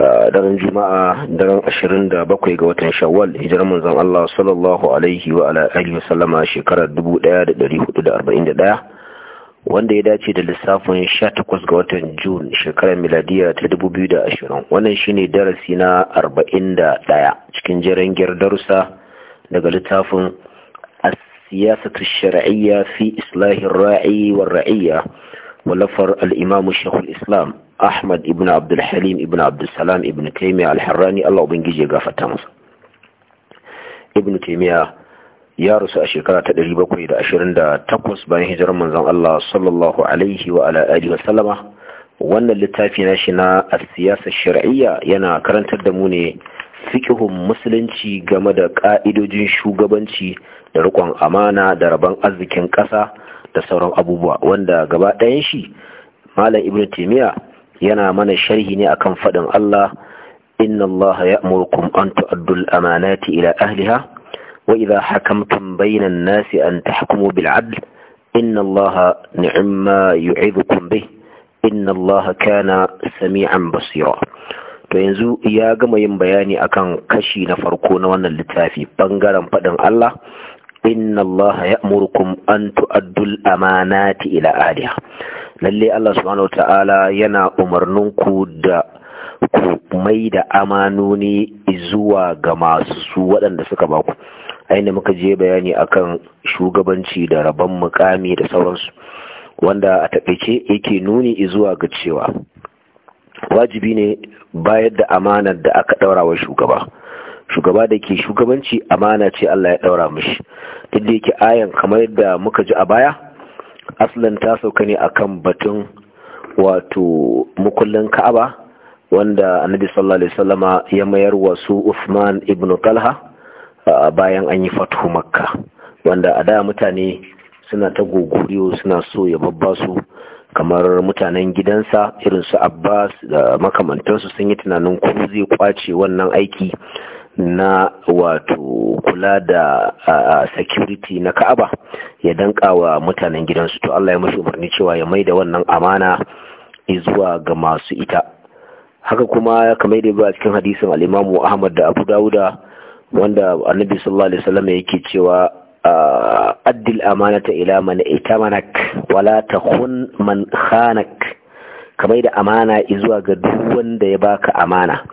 daren juma'a daren 27 ga watan shawwal hijirar manzon Allah sallallahu alaihi wa ala alihi wa sallama shekarar 1441 wanda ya dace da lissafin 18 ga watan Jun shekarar miladiya ta 2020 wannan shine darasi na 41 cikin jarangiyar darussa daga littafin a siyasatu shar'iyya fi islahir ra'i wa ra'iyya wallafar al-imam Sheikhul Islam Ahmad ibn Abdul Halim ibn Abdul Salam ibn Taymiyyah al-Harrani Allah ubangije gafarta masa Ibn Taymiyyah ya rusu a shekara ta 728 bayan hijirar manzon Allah sallallahu alaihi wa ala alihi wa sallama wannan littafi na shi na siyasar shar'iyya yana karantar da mu ne fiqhun musulunci game da ka'idojin shugabanci da rikon amana da rabon arzikin ƙasa da sauran abubuwa wanda gaba ɗayan shi malam Ibn taymiya yana mana sharhi ne akan faɗin Allah inna Allah murkum an tu'addu al-amanati ila ahliha wa idha hakamtum bayna an-nasi an tahkumu bil 'adl inna Allah ni'ma yu'idukum bih inna Allah kana sami'an basira to yanzu ya gama yin bayani akan kashi na farko na wannan littafi bangaren faɗin Allah inna Allah murkum an tu'addu al-amanati ila ahliha lalle Allah subhanahu ta'ala yana umarninku da ku mai da amanoni zuwa ga masu waɗanda suka baku ainihin muka je bayani akan shugabanci da rabon mukami da sauransu wanda a taɓaice yake nuni zuwa ga cewa wajibi ne bayar da amanar da aka ɗaura wa shugaba shugaba da ke shugabanci amana ce Allah ya ɗaura mashi. duk da yake ayan kamar yadda muka ji a baya asalin ta sauka ne akan batun wato mukullin ka'aba wanda annabi sallallahu alaihi wasallama ya mayar wa su Uthman ibn Talha bayan an yi fatu makka wanda a da mutane suna ta gogoriyo suna so ya babbasu kamar mutanen gidansa irin su Abbas da makamantansu sun yi tunanin ko zai kwace wannan aiki na wato kula da security na Ka'aba ya danka wa mutanen gidansu to Allah ya mashi umarni cewa ya maida wannan amana zuwa ga masu ita haka kuma kamar da ba cikin hadisin al'imamu Ahmad da Abu Dawuda wanda Annabi sallallahu alaihi wasallam yake cewa addil amanata ila man itamanak wala takhun man khanak kamar da amana zuwa ga duk wanda ya baka amana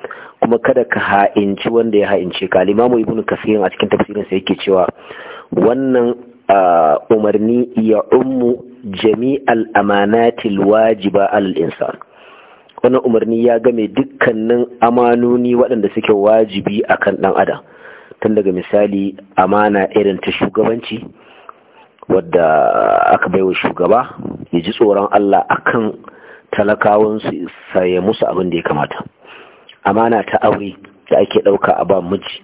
kuma kada ka ha'inci wanda ya ha'ince ka limamu ibnu kasirin a cikin sa yake cewa wannan ah, umarni ya ummu jami'al amanatil wajiba alal insan wannan umarni ya game dukkanin amanoni waɗanda suke wajibi akan dan adam tun daga misali amana irin ta shugabanci wadda aka baiwa shugaba ya ji tsoron Allah akan talakawansu sa ya musu abin da ya kamata amana ta aure da ake ɗauka a ba miji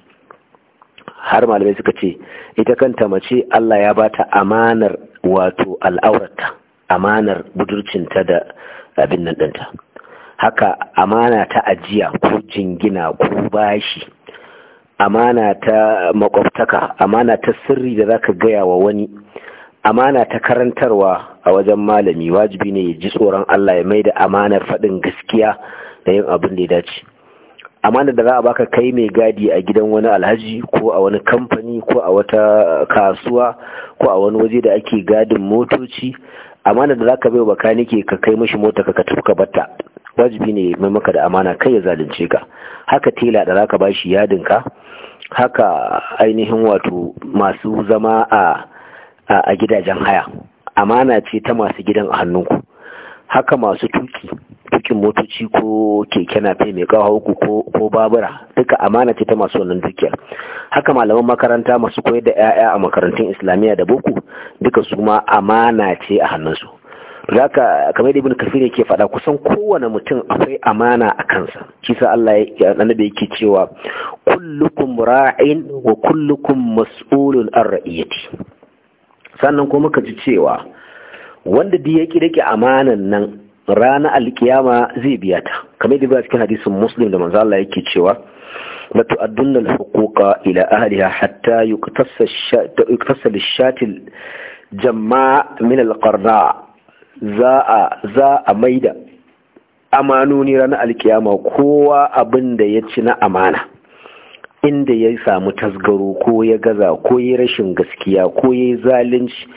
har malamai suka ce ita kanta mace Allah ya ba ta amanar wato al'aurata amanar budurcinta da abin nan ɗinta haka amana ta ajiya ko jingina ko bashi amana ta makwabtaka amana ta sirri da za ka gaya wa wani amana ta karantarwa a wajen malami wajibi ne ya ji tsoron Allah ya maida amanar faɗin gaskiya da yin abin da ya dace amanar da za a baka kai mai gadi a gidan wani alhaji ko a wani kamfani ko a wata kasuwa ko a wani waje da ake gadin motoci amanar da za ka bai bakanike ka kai mashi mota ka ka tafi ka batta wajibi ne mai maka da amana kai ya zalunce ka haka tela da za ka ba yadin ka, haka ainihin wato masu zama a a gidajen haya amana ce ta masu gidan a hannunku haka masu tuki dukin motoci ko keke nafe mai kawo uku ko babura duka amana ce ta masu wannan dukiyar haka malaman makaranta masu koyar da 'ya'ya a makarantun islamiyya da boko duka su ma amana ce a hannunsu zaka kamar da ibn kafir yake faɗa kusan kowane mutum akwai amana a kansa kisa Allah ya annabi yake cewa kullukum ra'in wa kullukum mas'ulun an ra'iyati sannan kuma muka ji cewa wanda duk ya ki amanan nan Rana alkiyama zai biya ta kamar da ba cikin hadisin muslim da manzo Allah yake cewa la tu'addunna al-huquqa ila ahliha hatta yuktasa al-shatil jama'a min al za a za a maida amanoni ranar alkiyama kowa abinda ya ci na amana inda ya samu tasgaro ko ya gaza ko ya rashin gaskiya ko ya zalunci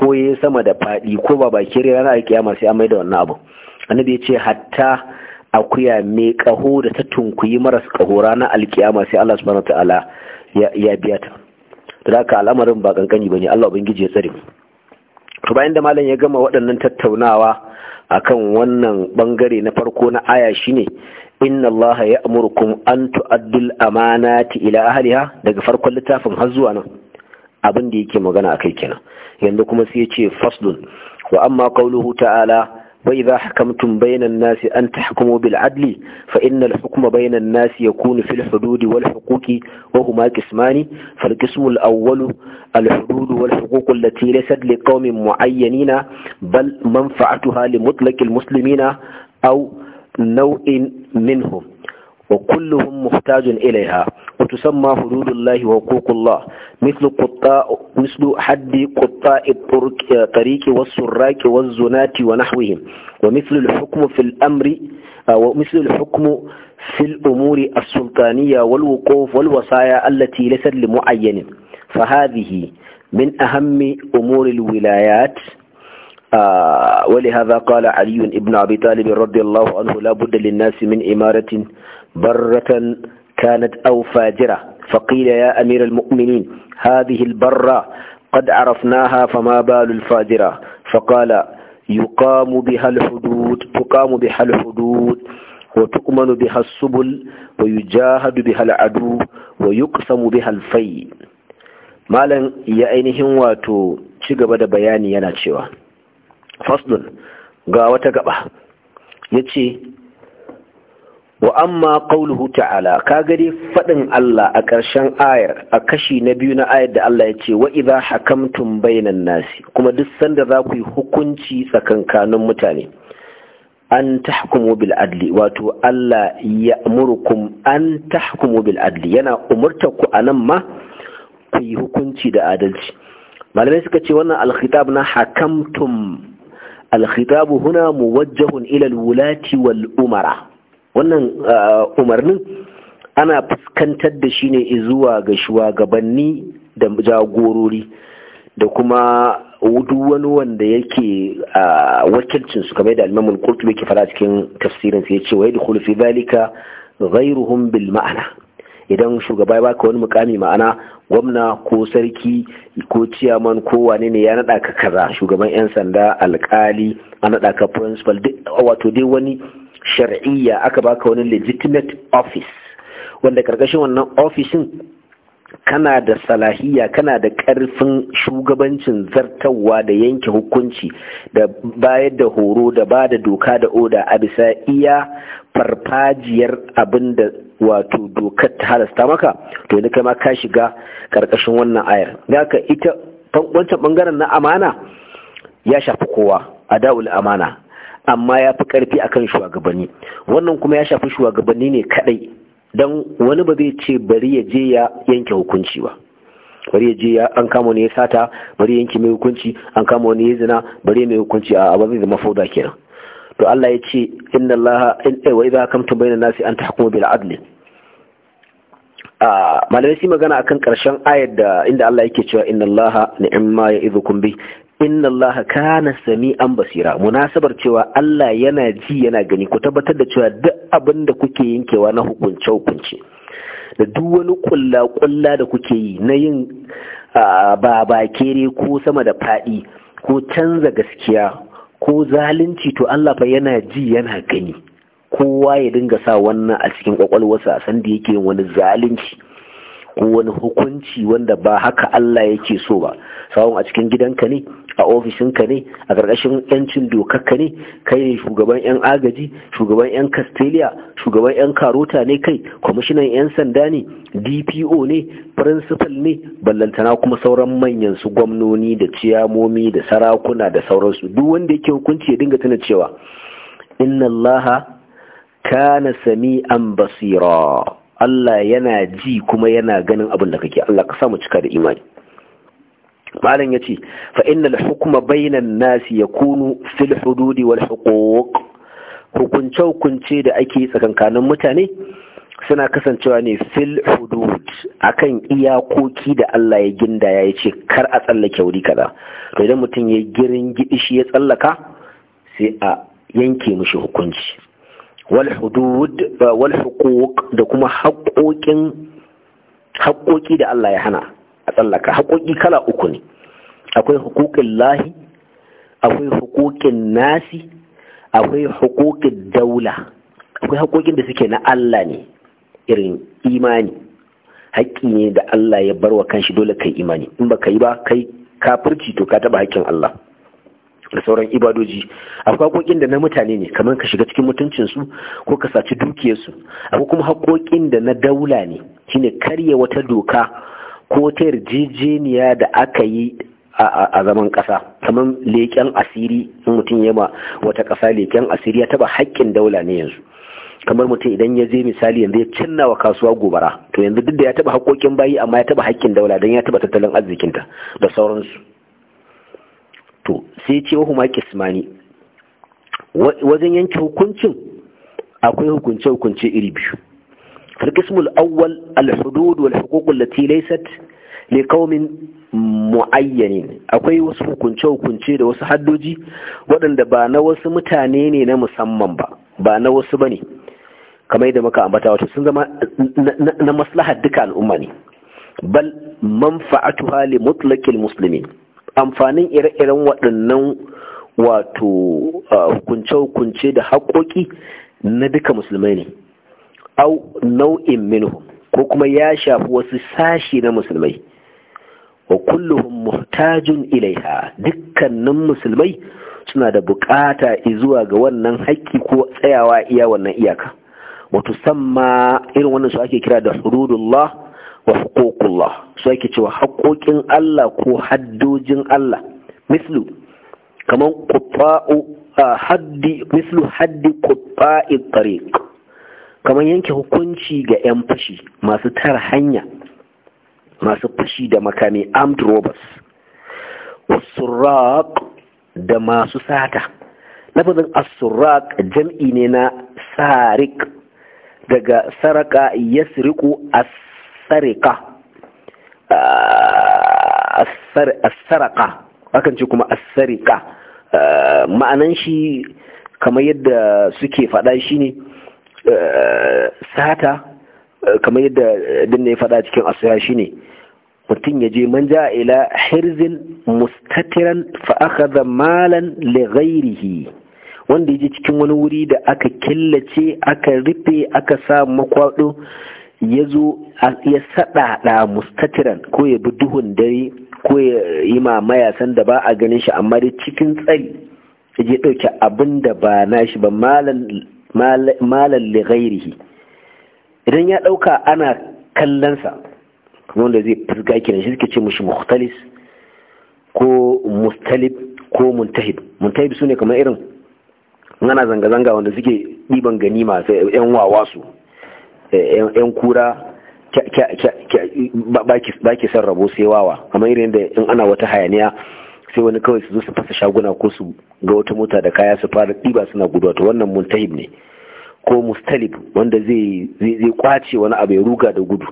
ko ya sama da faɗi ko ba baki ranar alkiyama sai amai da wannan abu annabi ya ce hatta akuya mai kaho da ta tunkuyi maras kaho ranar alkiyama sai Allah subhanahu ta'ala ya biya ta da haka al'amarin ba kankani bane Allah ubangiji ya tsare to bayan da malam ya gama waɗannan tattaunawa a kan wannan bangare na farko na aya shine inna Allah ya'murukum an tu'addul amanati ila ahliha daga farkon littafin har zuwa nan abin da yake magana akai kenan yanzu kuma sai yace ce faslun wa amma qauluhu ta'ala wa idha hakamtum bainan nasi an tahkumu bil adli fa innal hukma bainan nasi yakunu fil hududi wal huquqi wa huma qismani fal qismu al awwalu al hudud wal huquq allati laysat li qaumin muayyanina bal manfa'atuha li mutlaqil muslimina aw naw'in minhum وكلهم محتاج إليها وتسمى حدود الله وحقوق الله مثل قطاع مثل حد قطاع الطريق والسراك والزناة ونحوهم ومثل الحكم في الأمر آه، ومثل الحكم في الأمور السلطانية والوقوف والوصايا التي ليست لمعين فهذه من أهم أمور الولايات آه، ولهذا قال علي بن أبي طالب رضي الله عنه لا بد للناس من إمارة برة كانت أو فاجرة فقيل يا أمير المؤمنين هذه البرة قد عرفناها فما بال الفاجرة فقال يقام بها الحدود تقام بها الحدود وتؤمن بها السبل ويجاهد بها العدو ويقسم بها الفي مالا يا أينهم واتو شغب دا بياني ينا فصل ga wata يتشي wa amma qawluhu ta'ala ka dai fadin Allah a ƙarshen ayar a kashi na biyu na ayar da Allah ya ce wa idza hakamtum bainan nasi kuma duk sanda za ku yi hukunci tsakankanin mutane an tahkumu bil adli wato Allah ya amurkum an tahkumu bil adli yana umurtar ku anan ma ku yi hukunci da adalci malamai suka ce wannan alkhitab na hakamtum alkhitabu huna muwajjahun ila wulati wal umara wannan uh, umarnin ana fuskantar da shi ne zuwa ga shugabanni da jagorori da kuma duk wani wanda yake a uh, wakilcin su kamar da al kurtu yake fara cikin tafsirin sa ce wa yadkhulu fi zalika ghayruhum bil ma'ana idan shugaba ya baka wani mukami ma'ana gwamna ko sarki ko ciyaman ko wane ne ya nada ka kaza shugaban yan sanda alkali an nada ka principal wato dai wani shar'iyya aka baka wani legitimate office wanda karkashin wannan ofishin kana da salahiyya, kana da ƙarfin shugabancin zartawa da yanke hukunci da bayar da horo da ba da doka da oda a bisa iya farfajiyar abin da wato dokar ta halasta maka to ni kai ma ka shiga ƙarƙashin wannan ayar haka ita wancan bangaren na amana ya shafi kowa a da'ul amana amma ya fi karfi akan shugabanni wannan kuma ya shafi shugabanni ne kadai don wani ba zai ce bari ya je ya yanke hukunci ba bari ya je ya an kama wani ya sata bari yanke mai hukunci an kama wani ya zina bari mai hukunci a ba zai zama fauda kenan to Allah ya ce inna Allah in eh, wa idza kamtum bainan nasi an tahkumu bil adl malamai sun magana akan karshen ayar da inda Allah yake cewa inna Allah ni'ma ya'idhukum bi inna Allah kana sami'an basira munasabar cewa Allah yana ji yana gani ku tabbatar da cewa duk abin da kuke yankewa na hukunce hukunce da duk wani kulla kulla da kuke yi na yin ba kere, ko sama da fadi ko canza gaskiya ko zalunci to Allah fa yana ji yana gani kowa ya dinga sa wannan a cikin kwakwalwarsa san da yake wani zalunci ko wani hukunci wanda ba haka Allah yake so ba sawon a cikin gidanka ne a ofishinka ne a ƙarƙashin 'yancin dokakka ne kai ne shugaban 'yan agaji shugaban 'yan kastiliya shugaban 'yan karota ne kai kwamishinan 'yan sanda ne dpo ne principal ne ballantana kuma sauran manyan su gwamnoni da ciyamomi da sarakuna da sauransu duk wanda yake hukunci ya dinga tuna cewa inna allaha kana sami'an basira Allah yana ji kuma yana ganin abin da kake Allah ka samu cika da imani malam ya ce, innal hukma bainan nasi yakunu fil hududi wal huquq hukunce hukunce da ake tsakankanin mutane suna kasancewa ne fil hudud akan iyakoki da Allah ya ginda ya ce kar a tsallake wuri kaza to idan mutum ya girin gidi shi ya tsallaka sai a yanke mishi hukunci wal hudud wal huquq da kuma haƙoƙin haƙoƙi da Allah ya hana a tsallaka haƙoƙi kala uku ne akwai hukukin lahi akwai hukukin nasi akwai hukukin daula akwai haƙoƙin da suke na Allah ne irin imani haƙƙi ne da Allah ya barwa kanshi dole kai imani in ba ka yi ba kai kafirci to ka taɓa haƙƙin Allah da sauran ibadoji akwai haƙoƙin da na mutane ne kamar ka shiga cikin mutuncinsu ko ka saci dukiyarsu akwai kuma haƙoƙin da na daula ne shine karya wata doka ko ta yarjejeniya da aka yi a zaman ƙasa kamar leƙen asiri in mutum ya ma wata ƙasa leƙen asiri ya taba haƙƙin daula ne yanzu kamar mutum idan ya je misali yanzu ya cinna wa kasuwa gobara to yanzu duk da ya taba haƙoƙin bayi amma ya taba haƙƙin daula don ya taba tattalin arzikinta da sauransu to sai ce wa huma kismani wajen yanke hukuncin akwai hukunce-hukunce iri biyu فالقسم الأول الحدود والحقوق التي ليست لقوم mu'ayyanin akwai wasu hukunce-hukunce da wasu haddoji waɗanda ba na wasu mutane ne na musamman ba ba na wasu ba ne kamar yadda muka ambata wato sun zama na maslahar duka al'umma ne bal manfa'atuha hali mutlaqil musulmi, amfanin ire-iren waɗannan wato uh, hukunce-hukunce da haƙoƙi na duka musulmai ne au nau'in minhum ko kuma ya shafi wasu sashi na musulmai wa kulluhum muhtajun ilaiha dukkanin musulmai suna da bukata izuwa ga wannan haƙƙi ko tsayawa iya wannan iyaka wato samma irin wannan su ake kira da hududullah wa hukukullah su ake cewa haƙoƙin Allah ko haddojin Allah mislu kaman qutta'u ah, haddi mislu haddi qutta'i tariq kamar yanke hukunci ga 'yan fashi masu tara hanya masu fashi da makami armed robbers surraq da masu sata lafazin surraq jam'i ne na sarik daga saraka ya siriku a asaraka akan ce kuma asarika ah, ma'anan shi kamar yadda suke faɗa shi ne Eh, sata eh, kamar yadda din ya faɗa cikin asuya shine mutum ya je manja ila hirzin mustatiran fa Malam malan wanda ya ya je cikin wani wuri da aka killace aka rufe aka sa makwado ya zo ya saɗaɗa mustatiran ko ya bi duhun dare ko ya yi mamaya san da ba a ganin shi amma dai cikin tsari ya je ɗauke abin da ba na shi ba malan malan lighairihi idan ya dauka ana kallansa kuma wanda zai fusga kenan shi suke ce mushi mukhtalis ko mustalib ko muntahib muntahib sune kamar irin ana zanga-zanga wanda suke ɗiban ganima yan wawa su yan kura ba ki san rabo sai wawa kamar irin da in ana wata hayaniya sai wani kawai su zo su fasa shaguna ko su ga wata mota da kaya su fara ɗiba suna guduwa to wannan muntahib ne ko mustalib wanda zai zai kwace wani abu ya ruga da gudu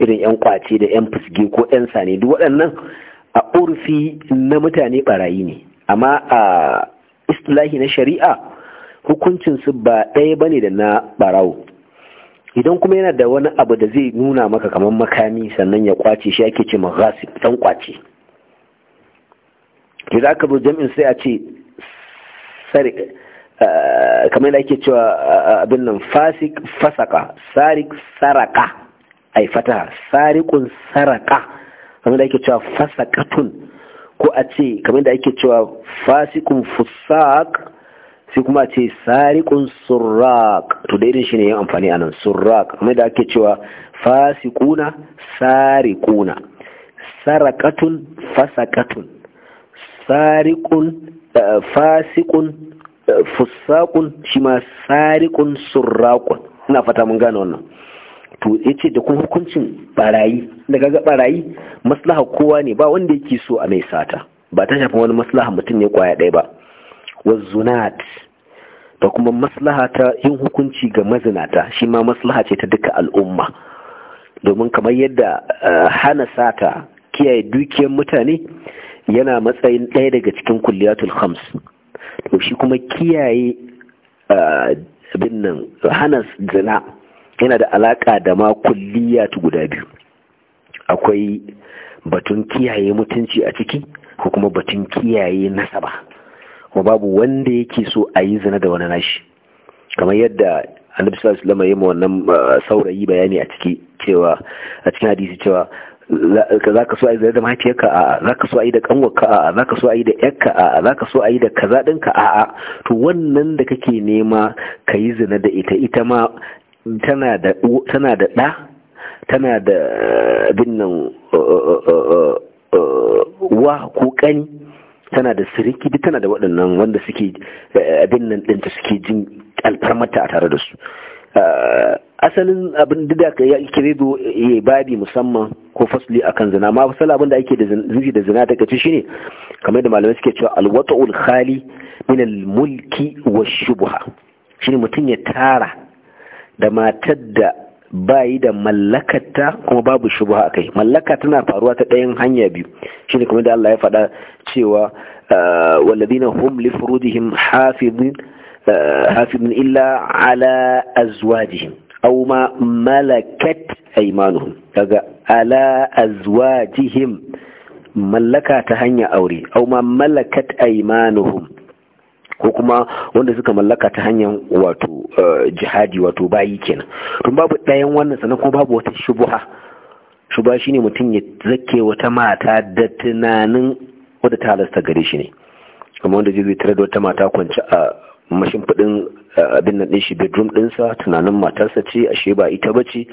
irin yan kwace da yan fusge ko yan sane duk waɗannan a urfi na mutane barayi ne amma a istilahi na shari'a hukuncin su ba ɗaya bane da na barawo idan kuma yana da wani abu da zai nuna maka kamar makami sannan ya kwace shi ake ce ma ghasib dan kwace to za aka zo jam'in sai a ce eh, kamar da ake cewa eh, abin nan fasik fasaka sarik saraka ai fataha sarikun saraka kamar da ake cewa fasakatun ko a ce kamar da ake cewa fasikun fusak sai kuma a ce sarikun surrak to da irin shi ne yin amfani a nan surrak kamar da ake cewa fasikuna sarikuna sarakatun fasakatun sariqun eh, fasiqun eh, fusaqun shi ma sariqun surraqun ina fata mun gane wannan to yace da kuma hukuncin barayi da gaga barayi maslaha kowa ne ba wanda yake so a mai sata ba ta shafa wani maslaha mutum ne kwaya ɗaya ba wazzunat da kuma maslaha ta yin hukunci ga mazinata shi ma maslaha ce ta duka al'umma domin kamar yadda eh, hana sata kiyaye dukiyar mutane yana matsayin ɗaya daga cikin kulliyatul khams to shi kuma kiyaye abin nan hana zina yana da alaka da ma kulliyatu guda biyu akwai batun kiyaye mutunci a ciki ko kuma batun kiyaye nasaba kuma babu wanda yake so a yi zina da wani nashi kamar yadda annabi sallallahu alaihi wasallam ya wannan saurayi bayani a ciki cewa a cikin hadisi cewa za ka so a yi da mahaifiyarka a'a za ka so a yi da kanwarka a'a za ka so a yi da yarka a'a za ka so a yi da kaza ɗinka a'a to wannan da kake nema ka yi zina da ita ita ma tana da ɗa tana da eh, binnan eh, eh, wa ko ƙani tana da siriki duk tana da waɗannan wanda suke abin nan ɗinta suke jin alfarmata a tare da su asalin abin da ya kire da ya eh, babi musamman ko fasli akan zina ma fasali abin da ake da zuci da zina daga cikin shine kamar da malamai suke cewa alwata'ul khali min almulki wa shubha shine mutum ya tara da matar da bayi da mallakata kuma babu shubha kai? mallaka tana faruwa ta ɗayan hanya biyu shine kamar da Allah ya faɗa cewa ah, walladina hum li furudihim hafizun ah, hafizun illa ala azwajihim aw ma malakat aymanuhum daga ala azwajihim mallaka ta hanya aure aw ma malakat aymanuhum ko kuma wanda suka mallaka ta hanyar wato jihadi wato bayi kenan tun babu ɗayan wannan sannan kuma babu wata shubuha shubuha shine mutum ya zake wata mata da tunanin wadda ta halasta gare shi ne kuma wanda zai tarar da wata mata kwanci a mashin fudin. abin nan din shi bedroom dinsa tunanin matarsa ce ashe ba ita ba ce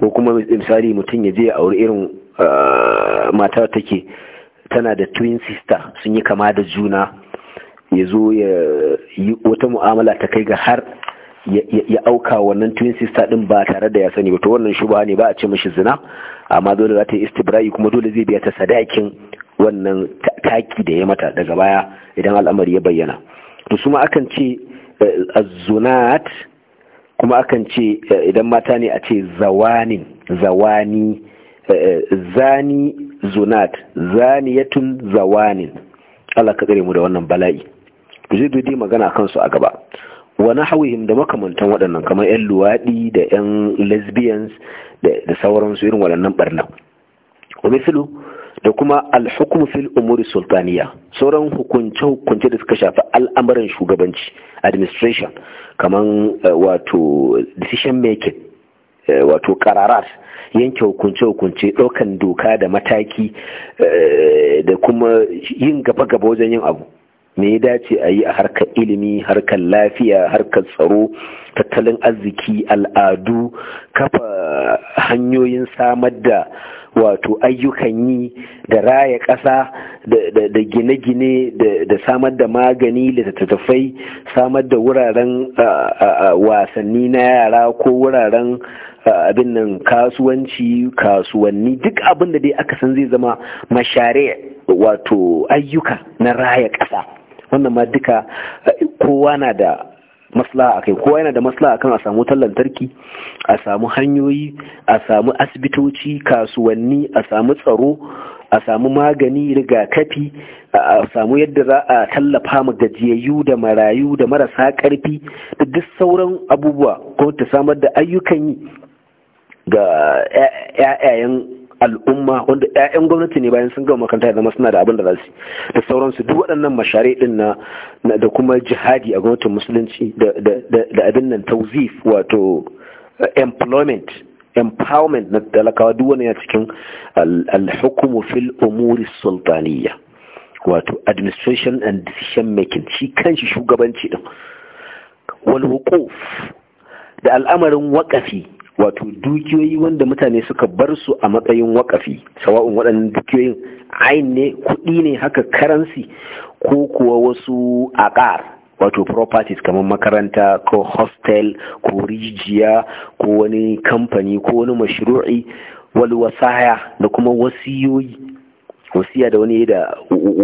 ko kuma misali mutum ya je a auri irin ah, mata take tana da twin sister sun yi kama da juna ya zo ya yi wata mu'amala ta kai ga har ya auka wannan twin sister din ba tare da ya sani ba wannan shuba ne ba a ce mashi zina amma dole za ta yi istibra'i kuma dole zai biya ta sadakin wannan taki da ya mata daga baya idan al'amari ya bayyana to su akan ce zunat, kuma akan ce eh, idan mata ne a ce zawanin zawani eh, eh, zani zunat zaniyatun zawanin Allah ka tsare mu da wannan bala'i zai dai magana kansu a gaba wani hauhim da makamantan waɗannan kamar 'yan luwaɗi da 'yan lesbians da sauransu irin waɗannan ɓarnan ومثله da kuma alhukum fil umuri sultaniya sauran hukunce hukunce da suka shafi al'amuran shugabanci administration kamar eh, wato decision making eh, wato kararar yanke hukunce hukunce ɗaukan doka da mataki eh, da kuma yin gaba gaba wajen yin abu me ya dace a yi a harkar ilimi harkar lafiya harkar tsaro tattalin arziki al'adu kafa hanyoyin samar da wato ayyukan yi da raya ƙasa da gine-gine da samar da magani littattafai samar da wuraren wasanni na yara ko wuraren abin nan kasuwanci kasuwanni duk abin da dai aka san zai zama mashare wato ayyuka na raya ƙasa wannan ma duka eh, kowa na da maslaha kai. kowa yana da maslaha akan a samu wutar lantarki a samu hanyoyi a samu asibitoci kasuwanni a samu tsaro a samu magani rigakafi a samu yadda za a tallafa ma gajiyayyu da marayu da marasa karfi da duk sauran abubuwa ko ta samar da ayyukan yi ga yayayan eh, al'umma wanda 'ya'yan gwamnati ne bayan sun gama makaranta ya zama suna da abin da za su da sauransu duk waɗannan mashari ɗin na da kuma jihadi a gwamnatin musulunci da abin nan tauzif wato eh, employment empowerment na talakawa duk wani ya cikin alhukumu fil umuri sultaniya wato administration and decision making shi kanshi shugabanci din wal hukuf da al'amarin waƙafi wato dukiyoyi wanda mutane suka bar su a matsayin wakafi sawa'un waɗannan dukiyoyin ain ne kuɗi ne haka karansi ko kuwa wasu aƙar wato properties kamar makaranta ko hostel ko rijiya ko wani kamfani ko wani mashru'i wal wasaya da kuma wasiyoyi wasiya da wani da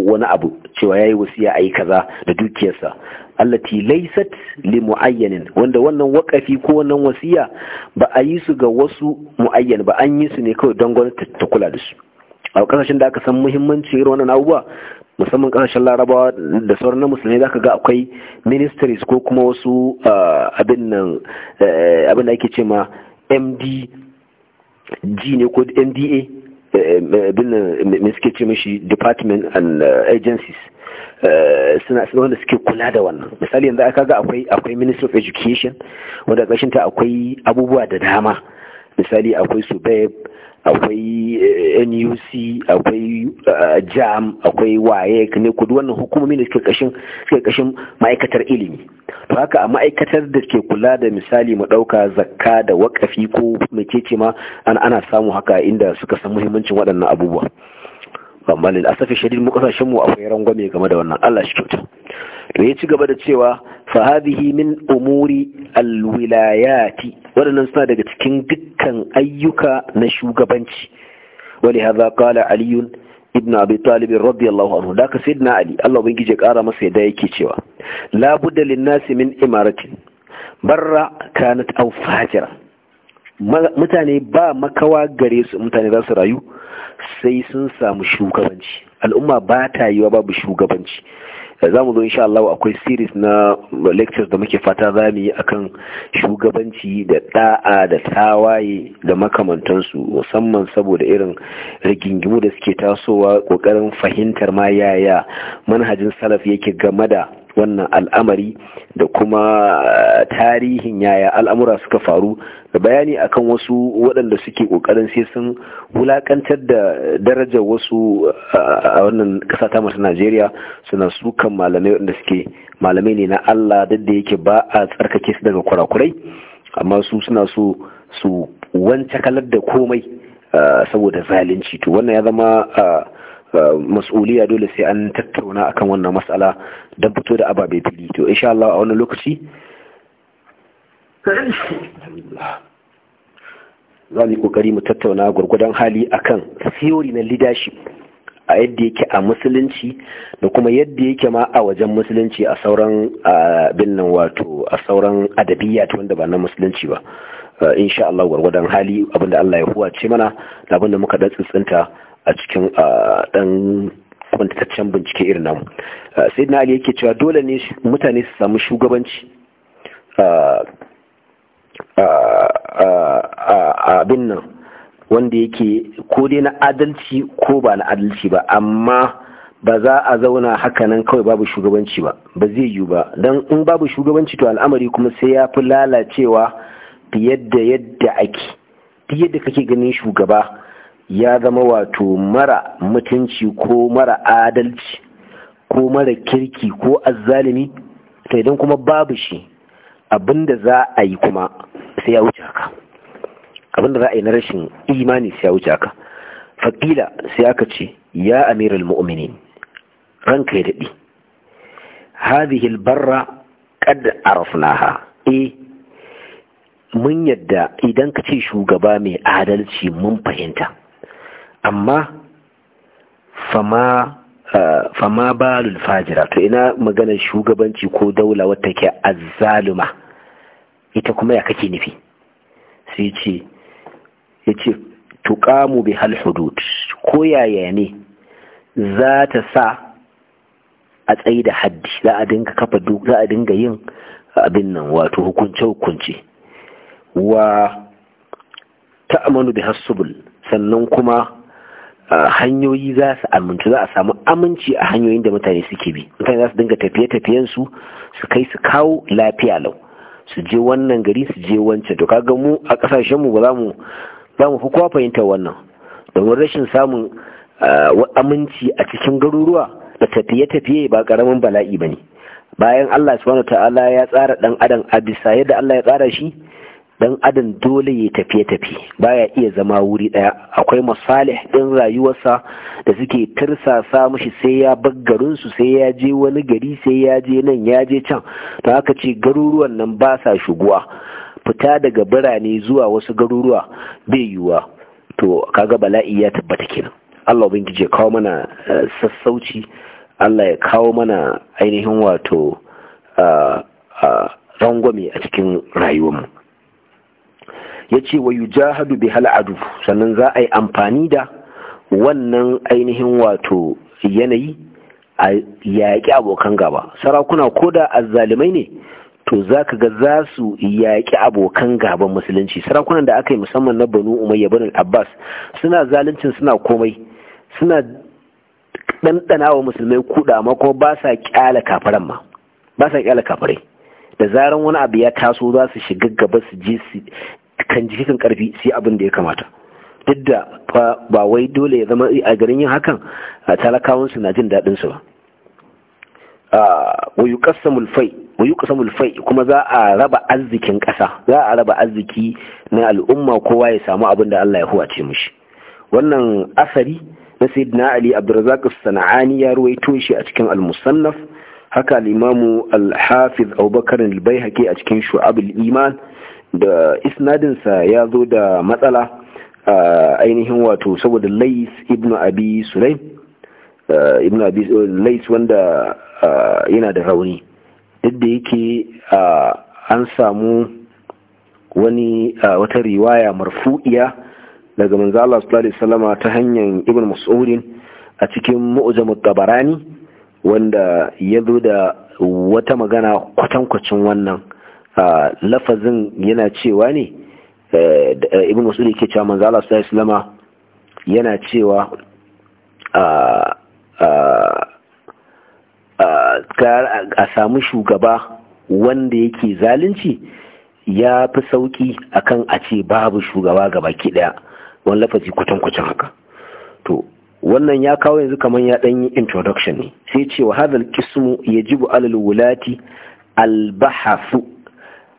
wani abu cewa yayi wasiya ayi kaza da dukiyarsa allati laysat li muayyanin wanda wannan wakafi ko wannan wasiya ba a yi su ga wasu muayyan ba an yi su ne kawai don gwamnati ta kula da su a kasashen da aka san muhimmanci irin wannan abubuwa musamman kasashen larabawa da sauran na musulmi zaka ga akwai ministries ko kuma wasu abin nan abin da ake ce ma md g ne ko mda bin me suke ce shi department and uh, agencies Eh, suna suna wanda suke kula da wannan misali yanzu aka ga akwai akwai ministry of education wanda ƙarshen ta akwai abubuwa da dama misali akwai subeb akwai eh, nuc akwai eh, jam akwai waye ne kudu wannan hukumomi da suke kashin suke kashin ma'aikatar ilimi to haka a ma'aikatar da ke kula da misali mu ɗauka zakka da wakafi ko mai ce ma ana samu haka inda suka san muhimmancin waɗannan abubuwa amma lil asafi shadid mu kasashen mu akwai rangwame game da wannan Allah shi kyauta to ya ci gaba da cewa fa hadhihi min umuri alwilayati wadannan suna daga cikin dukkan ayyuka na shugabanci wali hadha qala ali ibn abi talib radiyallahu anhu da ka sayyidina ali Allah ubangije ya kara masa yadda yake cewa la budda lin nasi min imaratin barra kanat aw fajira mutane ba makawa gare su mutane za su rayu sai sun samu shugabanci al'umma ba ta yiwa babu shugabanci eh, za mu zo insha Allah akwai series na lectures da muke fata za mu yi akan shugabanci da da'a da tawaye da makamantansu musamman saboda irin rigingimu da suke tasowa kokarin fahimtar ma yaya manhajin salaf yake game da wannan al'amari da kuma eh, tarihin yaya al'amura suka faru da bayani akan wasu waɗanda suke ƙoƙarin sai sun wulaƙantar da darajar wasu eh, a wannan ƙasa ta masu najeriya suna sukan malamai waɗanda suke malamai ne na allah duk da yake ba a tsarkake su daga kurakurai amma su suna so su wancan kalar da komai eh, saboda zalunci to wannan ya zama mas'uliya dole sai an tattauna akan wannan matsala don fito da ababe fili to insha Allah a wannan lokaci za mu yi kokari mu tattauna gurgudan hali akan theory na leadership a yadda yake a musulunci da kuma yadda yake ma a wajen musulunci a sauran binnan wato a sauran adabiyya wanda ba na musulunci ba eh, insha Allah gurgudan hali abinda Allah ya huwace mana da abinda muka da tsintsinta a cikin dan kwantataccen bincike irin namu sai na ali yake cewa dole ne mutane su samu shugabanci abin nan wanda yake ko dai na adalci ko ba na adalci ba amma ba za a zauna hakanan kawai babu shugabanci ba ba zai yiwu ba don in babu shugabanci to al'amari kuma sai ya fi lalacewa fiye da yadda ake fiye da kake ganin shugaba ya zama wato mara mutunci ko mara adalci ko mara kirki ko azzalimi to idan kuma babu shi abinda za a yi kuma sai ya wuce haka abinda za a yi na rashin imani sai ya wuce haka faƙila sai aka ce ya amiral mu'minin ranka ya daɗi hadhihi albarra kad arafnaha eh mun yadda idan ka ce shugaba mai adalci mun fahimta amma fama eh, fama balul fajira to ina maganar shugabanci ko daula wata ke azzaluma ita kuma ya kake nufi sai ce ya ce tuƙamu bi hal hudud ko yaya ne za ta sa a tsayi da haddi za a dinga kafa duk za a dinga yin abin nan wato hukunce hukunce wa ta'manu bi hasubul sannan kuma hanyoyi za su amintu za a samu aminci a hanyoyin da mutane suke bi mutane za su dinga tafiye-tafiyen su su kai su kawo lafiya lau su je wannan gari su je wancan to kaga mu a kasashen mu ba za mu za mu fi kowa fahimtar wannan domin rashin samun aminci a cikin garuruwa da tafiye-tafiye ba karamin bala'i ba ne bayan Allah subhanahu ta'ala ya tsara dan adam a bisa yadda Allah ya tsara shi dan adam dole ya tafi, tafi baya iya zama wuri daya akwai masalih din rayuwarsa da suke tirsasa mashi sai ya bar garinsu sai ya je wani gari sai ya je nan ya je can to haka ce garuruwan nan ba sa shiguwa fita daga birane zuwa wasu garuruwa bai yiwuwa to kaga bala'i ya tabbata kenan Allah ubangiji ya kawo mana eh, sassauci Allah ya kawo mana ainihin wato ah, ah, rangwame a cikin rayuwarmu ya ce wa jahadu bi hal'adu sannan za a yi amfani da wannan ainihin wato yanayi a yaƙi abokan gaba sarakuna ko da azzalimai ne to za ka ga za su yaƙi abokan gaban musulunci sarakunan da aka yi musamman na banu umayya banu abbas suna zaluncin suna komai suna ɗanɗana wa musulmai kuɗa ma kuma ba sa ƙyala kafaran ma ba sa ƙyala kafarai da zaran wani abu ya taso za su shiga gaba su je kan ji kan karfi sai abin da ya kamata duk da ba wai dole ya zama a garin yin hakan talakawan su na jin daɗin su ba wayu qasamul fai kuma za a raba arzikin ƙasa za a raba arziki na al'umma kowa ya samu abin da Allah ya mu shi. wannan asari na sayyidina ali abdurrazzaq sanaani ya ruwaito shi a cikin al haka al-imamu al-hafiz abubakar al-baihaqi a cikin shu'ab al-iman da isnadinsa ya zo da matsala a ainihin wato saboda lais ibn abi sulaim ibn abi lais wanda yana da rauni duk da yake an samu wani wata riwaya marfu'iya daga manzo Allah sallallahu alaihi ta hanyar ibn mas'udin a cikin mu'jamut tabarani wanda ya zo da wata magana kwatankwacin wannan lafazin yana cewa ne eh, eh, ibn mas'ud ke cewa manzo Allah sallallahu alaihi yana cewa a samu shugaba wanda yake zalunci ya fi sauki akan a ce babu shugaba gaba ki daya wani lafazi kucin-kucin haka to wannan ya kawo yanzu kamar ya ɗan yi introduction ne sai cewa hadal kismu yajibu alal wulati albahasu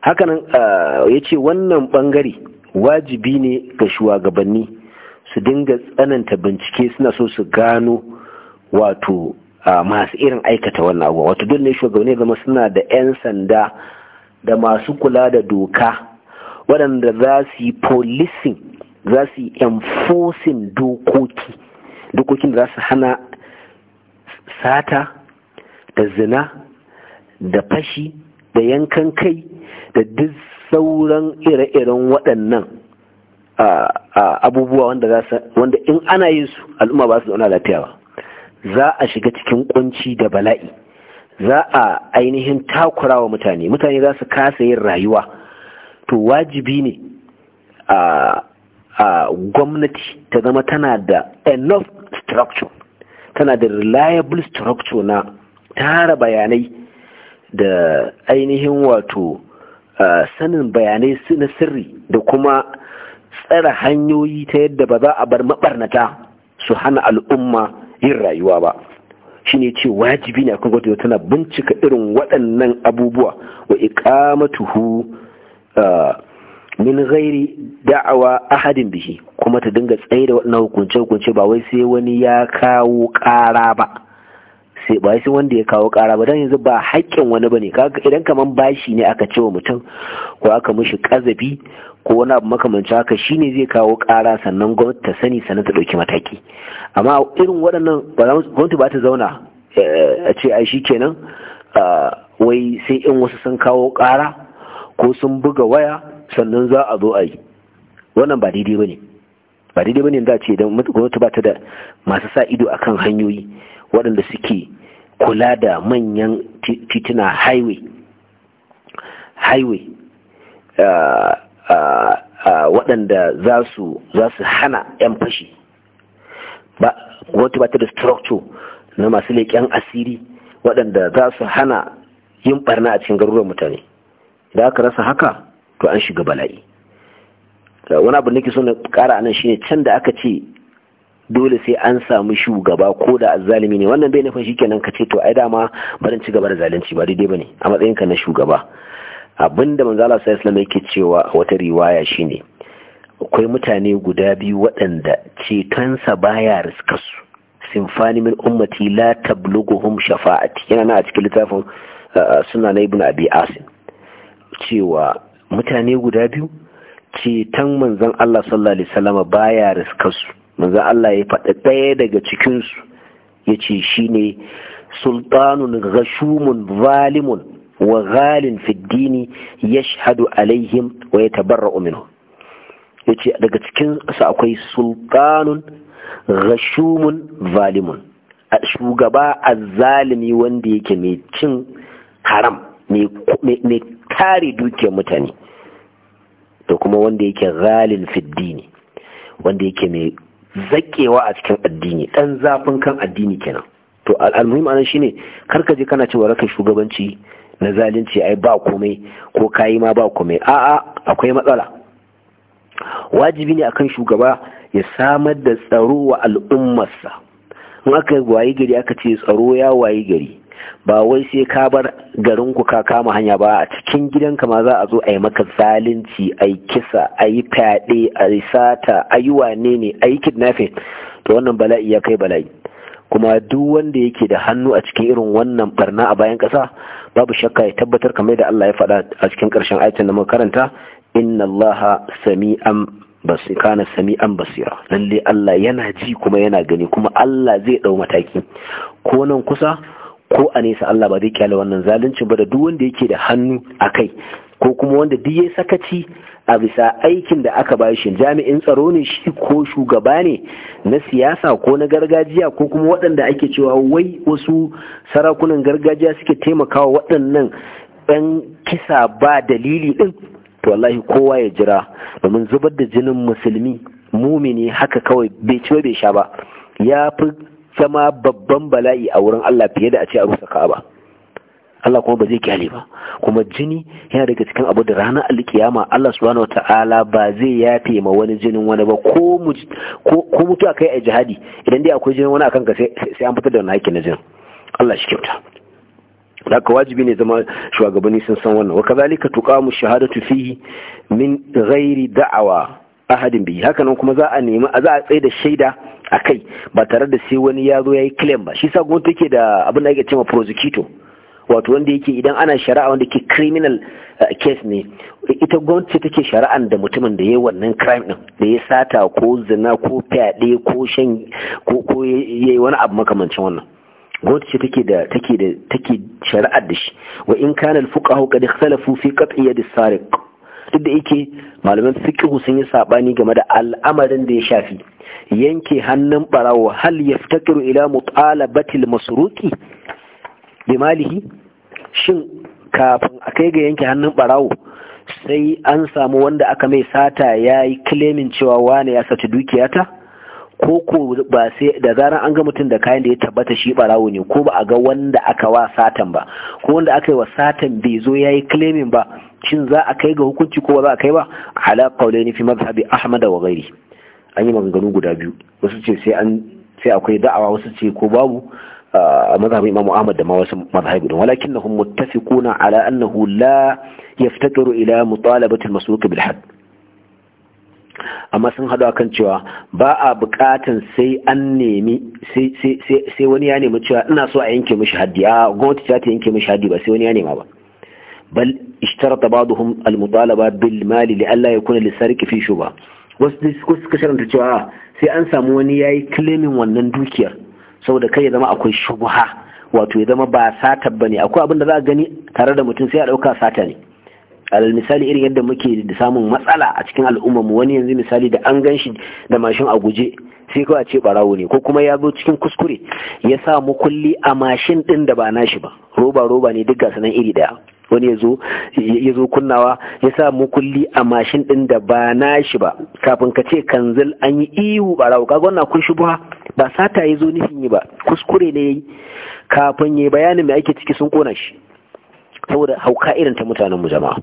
hakanan ah, ya ce wannan bangare wajibi ne ga shugabanni su dinga tsananta bincike suna so su gano wato ah, masu irin aikata wannan abuwa wato dole ne shugabanni zama suna da 'yan sanda da masu kula da doka waɗanda za su yi policing za su yi enforcing dokoki dokokin da za su hana sata da zina da fashi da yankan kai da duk sauran ire-iren waɗannan abubuwa wanda in ana yin su al'umma ba su zauna lafiya ba za a shiga cikin kunci da bala'i za a ainihin takura wa mutane mutane za su kasa yin rayuwa to wajibi ne a gwamnati ta zama tana da enough structure tana da reliable structure na tara bayanai da ainihin wato Eh, sanin bayanai na sirri da kuma tsara hanyoyi ta yadda ba za a bar maɓarnata su hana al'umma yin rayuwa ba shi ne ce wajibi ne akan gwamnati tana bincika irin waɗannan abubuwa wa iqamatuhu eh, min ghairi da'awa ahadin bihi kuma ta dinga tsaye da waɗannan hukunce hukunce ba wai sai wani ya kawo ƙara ba sai ba sai wanda ya kawo kara ba dan yanzu ba haƙƙin wani bane kaga idan kaman bashi ne aka ce wa mutum ko aka mishi kazabi ko wani abu makamanci haka shine zai kawo kara sannan gwamnati ta sani sannan ta dauki mataki amma irin waɗannan gwamnati ba ta zauna eh, a ce ai kenan wai sai in wasu sun kawo kara ko sun buga waya sannan za a zo a yi wannan ba daidai bane ba daidai bane da ce idan gwamnati ba ta da masu sa ido akan hanyoyi waɗanda suke kula da manyan tituna highway highway uh, uh, uh, waɗanda za su hana 'yan fashi ba wata bata da structure na masu leƙen asiri waɗanda za su hana yin ɓarna a cikin garuruwan mutane da aka rasa haka to an shiga bala'i wani abu da ke so na ƙara anan shine can da aka ce dole sai an samu shugaba ko da azzalimi ne wannan bai nufin shikenan ka ce to ai dama barin ci gaba da zalunci ba daidai bane a matsayin ka na shugaba abinda manzo Allah sallallahu alaihi wasallam yake cewa wata riwaya shine akwai mutane guda biyu waɗanda cetonsa baya su. sinfani min ummati la tabluguhum shafa'ati yana na a cikin littafin suna na ibn abi asin cewa mutane guda biyu ceton manzon Allah sallallahu alaihi wasallam baya su. manzo Allah ya faɗa ɗaya daga cikinsu ya ce shi ne sultanun Rashumun zalimun wa ghalin fiddini ya shahadu alaihim wa ya tabarra minhu ya ce daga cikinsu akwai sultanun Valimun, zalimun shugaba azzalimi wanda yake mai cin haram mai kare dukiyar mutane da kuma wanda yake ghalin fiddini wanda yake mai zakewa a cikin addini dan zafin kan addini kenan to al'almuhim anan shine ka je kana cewa raka shugabanci na zalunci ai ba komai ko kayi ma ba komai a'a akwai matsala wajibi ne akan shugaba ya samar da tsaro wa al'ummarsa in aka waye gari aka ce tsaro ya waye gari ba wai sai ka bar garinku ka kama hanya ba a cikin gidanka ma za a zo a yi maka zalunci a yi kisa a yi fyaɗe a yi sata a yi wane ne a yi kidnapping to wannan bala'i ya kai bala'i kuma duk wanda yake da hannu a cikin irin wannan barna a bayan ƙasa babu shakka ya tabbatar kamar da Allah ya faɗa a cikin ƙarshen aikin da muka karanta inna Allah sami'an Basira. kana sami'an basira lalle Allah yana ji kuma yana gani kuma Allah zai ɗau mataki ko nan kusa ko a nesa Allah ba zai kyale wannan zalunci ba da duk wanda yake da hannu a kai ko kuma wanda duk ya sakaci a bisa aikin da aka bashi jami'in tsaro ne shi ko shugaba ne na siyasa ko na gargajiya ko kuma waɗanda ake cewa wai wasu sarakunan gargajiya suke taimakawa waɗannan ɗan kisa ba dalili ɗin to wallahi kowa ya jira domin zubar da jinin musulmi mumini haka kawai bai ci bai sha ba ya fi ita ma babban bala'i a wurin Allah fiye da a ce a rusa Ka'aba Allah kuma ba zai kyale ba kuma jini yana daga cikin abu da ranar alkiyama Allah subhanahu wata'ala ba zai yafe ma wani jinin wani ba ko mutu a kai a jihadi idan dai akwai jinin wani a ka sai an fitar da wani haƙƙi na jinin Allah shi kyauta haka wajibi ne zama shugabanni sun san wannan wa kazalika mu shahadatu fihi min ghairi da'awa ahadin bihi haka nan kuma za a nemi za a tsaye da shaida a kai ba tare da sai wani ya zo ya yi claim ba shi sa gwamnati take da abin da ake cewa prosecutor wato wanda yake idan ana shari'a wanda ke criminal eh, case ne ita gwamnati take shari'an da mutumin da ya yi wannan crime din da ya sata ko zina ko fyaɗe ko shan ko ko yayi wani abu makamancin wannan gwamnati ce take da take da take shari'ar da shi wa in kana al-fuqaha qad ikhtalafu fi qat'iyyati as-sariq duk da yake malaman fiqh sun yi sabani game da al'amarin da ya shafi yanke hannun barawo hal ya yaftakiru ila mutalabatil masuruki bi malihi shin kafin a kai ga yanke hannun barawo sai an samu wanda aka mai sata ya yi kilimin cewa wane ya saci dukiyata ko ko ba sai da zaran an ga mutum da kayan da ya tabbata shi barawo ne ko ba a ga wanda aka wa satan ba ko wanda aka yi wa satan bai zo ya yi kilimin ba shin za a kai ga hukunci ko ba za a kai ba ala ya fi mazhabi ahmad wa ghairi an yi maganganu guda biyu wasu ce sai akwai da'awa wasu ce ko babu a mazhabin Imam Ahmad da ma wasu mazhabi din walakinnahum muttafiquna ala annahu la yaftatiru ila mutalabati al-masruq bil amma sun hadu akan cewa ba a buƙatan sai an nemi sai wani ya nemi cewa ina so a yanke mishi haddi a gwamnati ta ta yanke mishi haddi ba sai wani ya nema ba bal ishtarata ba'dhum al-mutalaba bil mali li alla yakuna lisarqi fi shuba wasu suka sharanta cewa sai an samu wani ya yi kilimin wannan dukiyar saboda kai ya zama akwai shubuha wato ya zama ba sata ba ne. akwai abin da za a gani tare da mutum sai a ɗauka sata ne alal misali irin yadda muke da samun matsala a cikin al'ummar mu wani yanzu misali da an gan shi da mashin a guje sai kawai a ce barawo ne ko kuma ya zo cikin kuskure ya sa mu kulli a mashin ɗin da ba nashi ba roba roba ne duk gasanan iri daya wani ya zo kunnawa ya sa kulli a mashin ɗin da ba na shi ba kafin ka ce kanzil an yi ihu rawu kaga wannan kun shubuwa ba sata ya zo nufin yi ba kuskure ne yayi kafin yayi bayanin mai ake ciki sun kona shi saboda hauka irin ta mutanen mu jama'a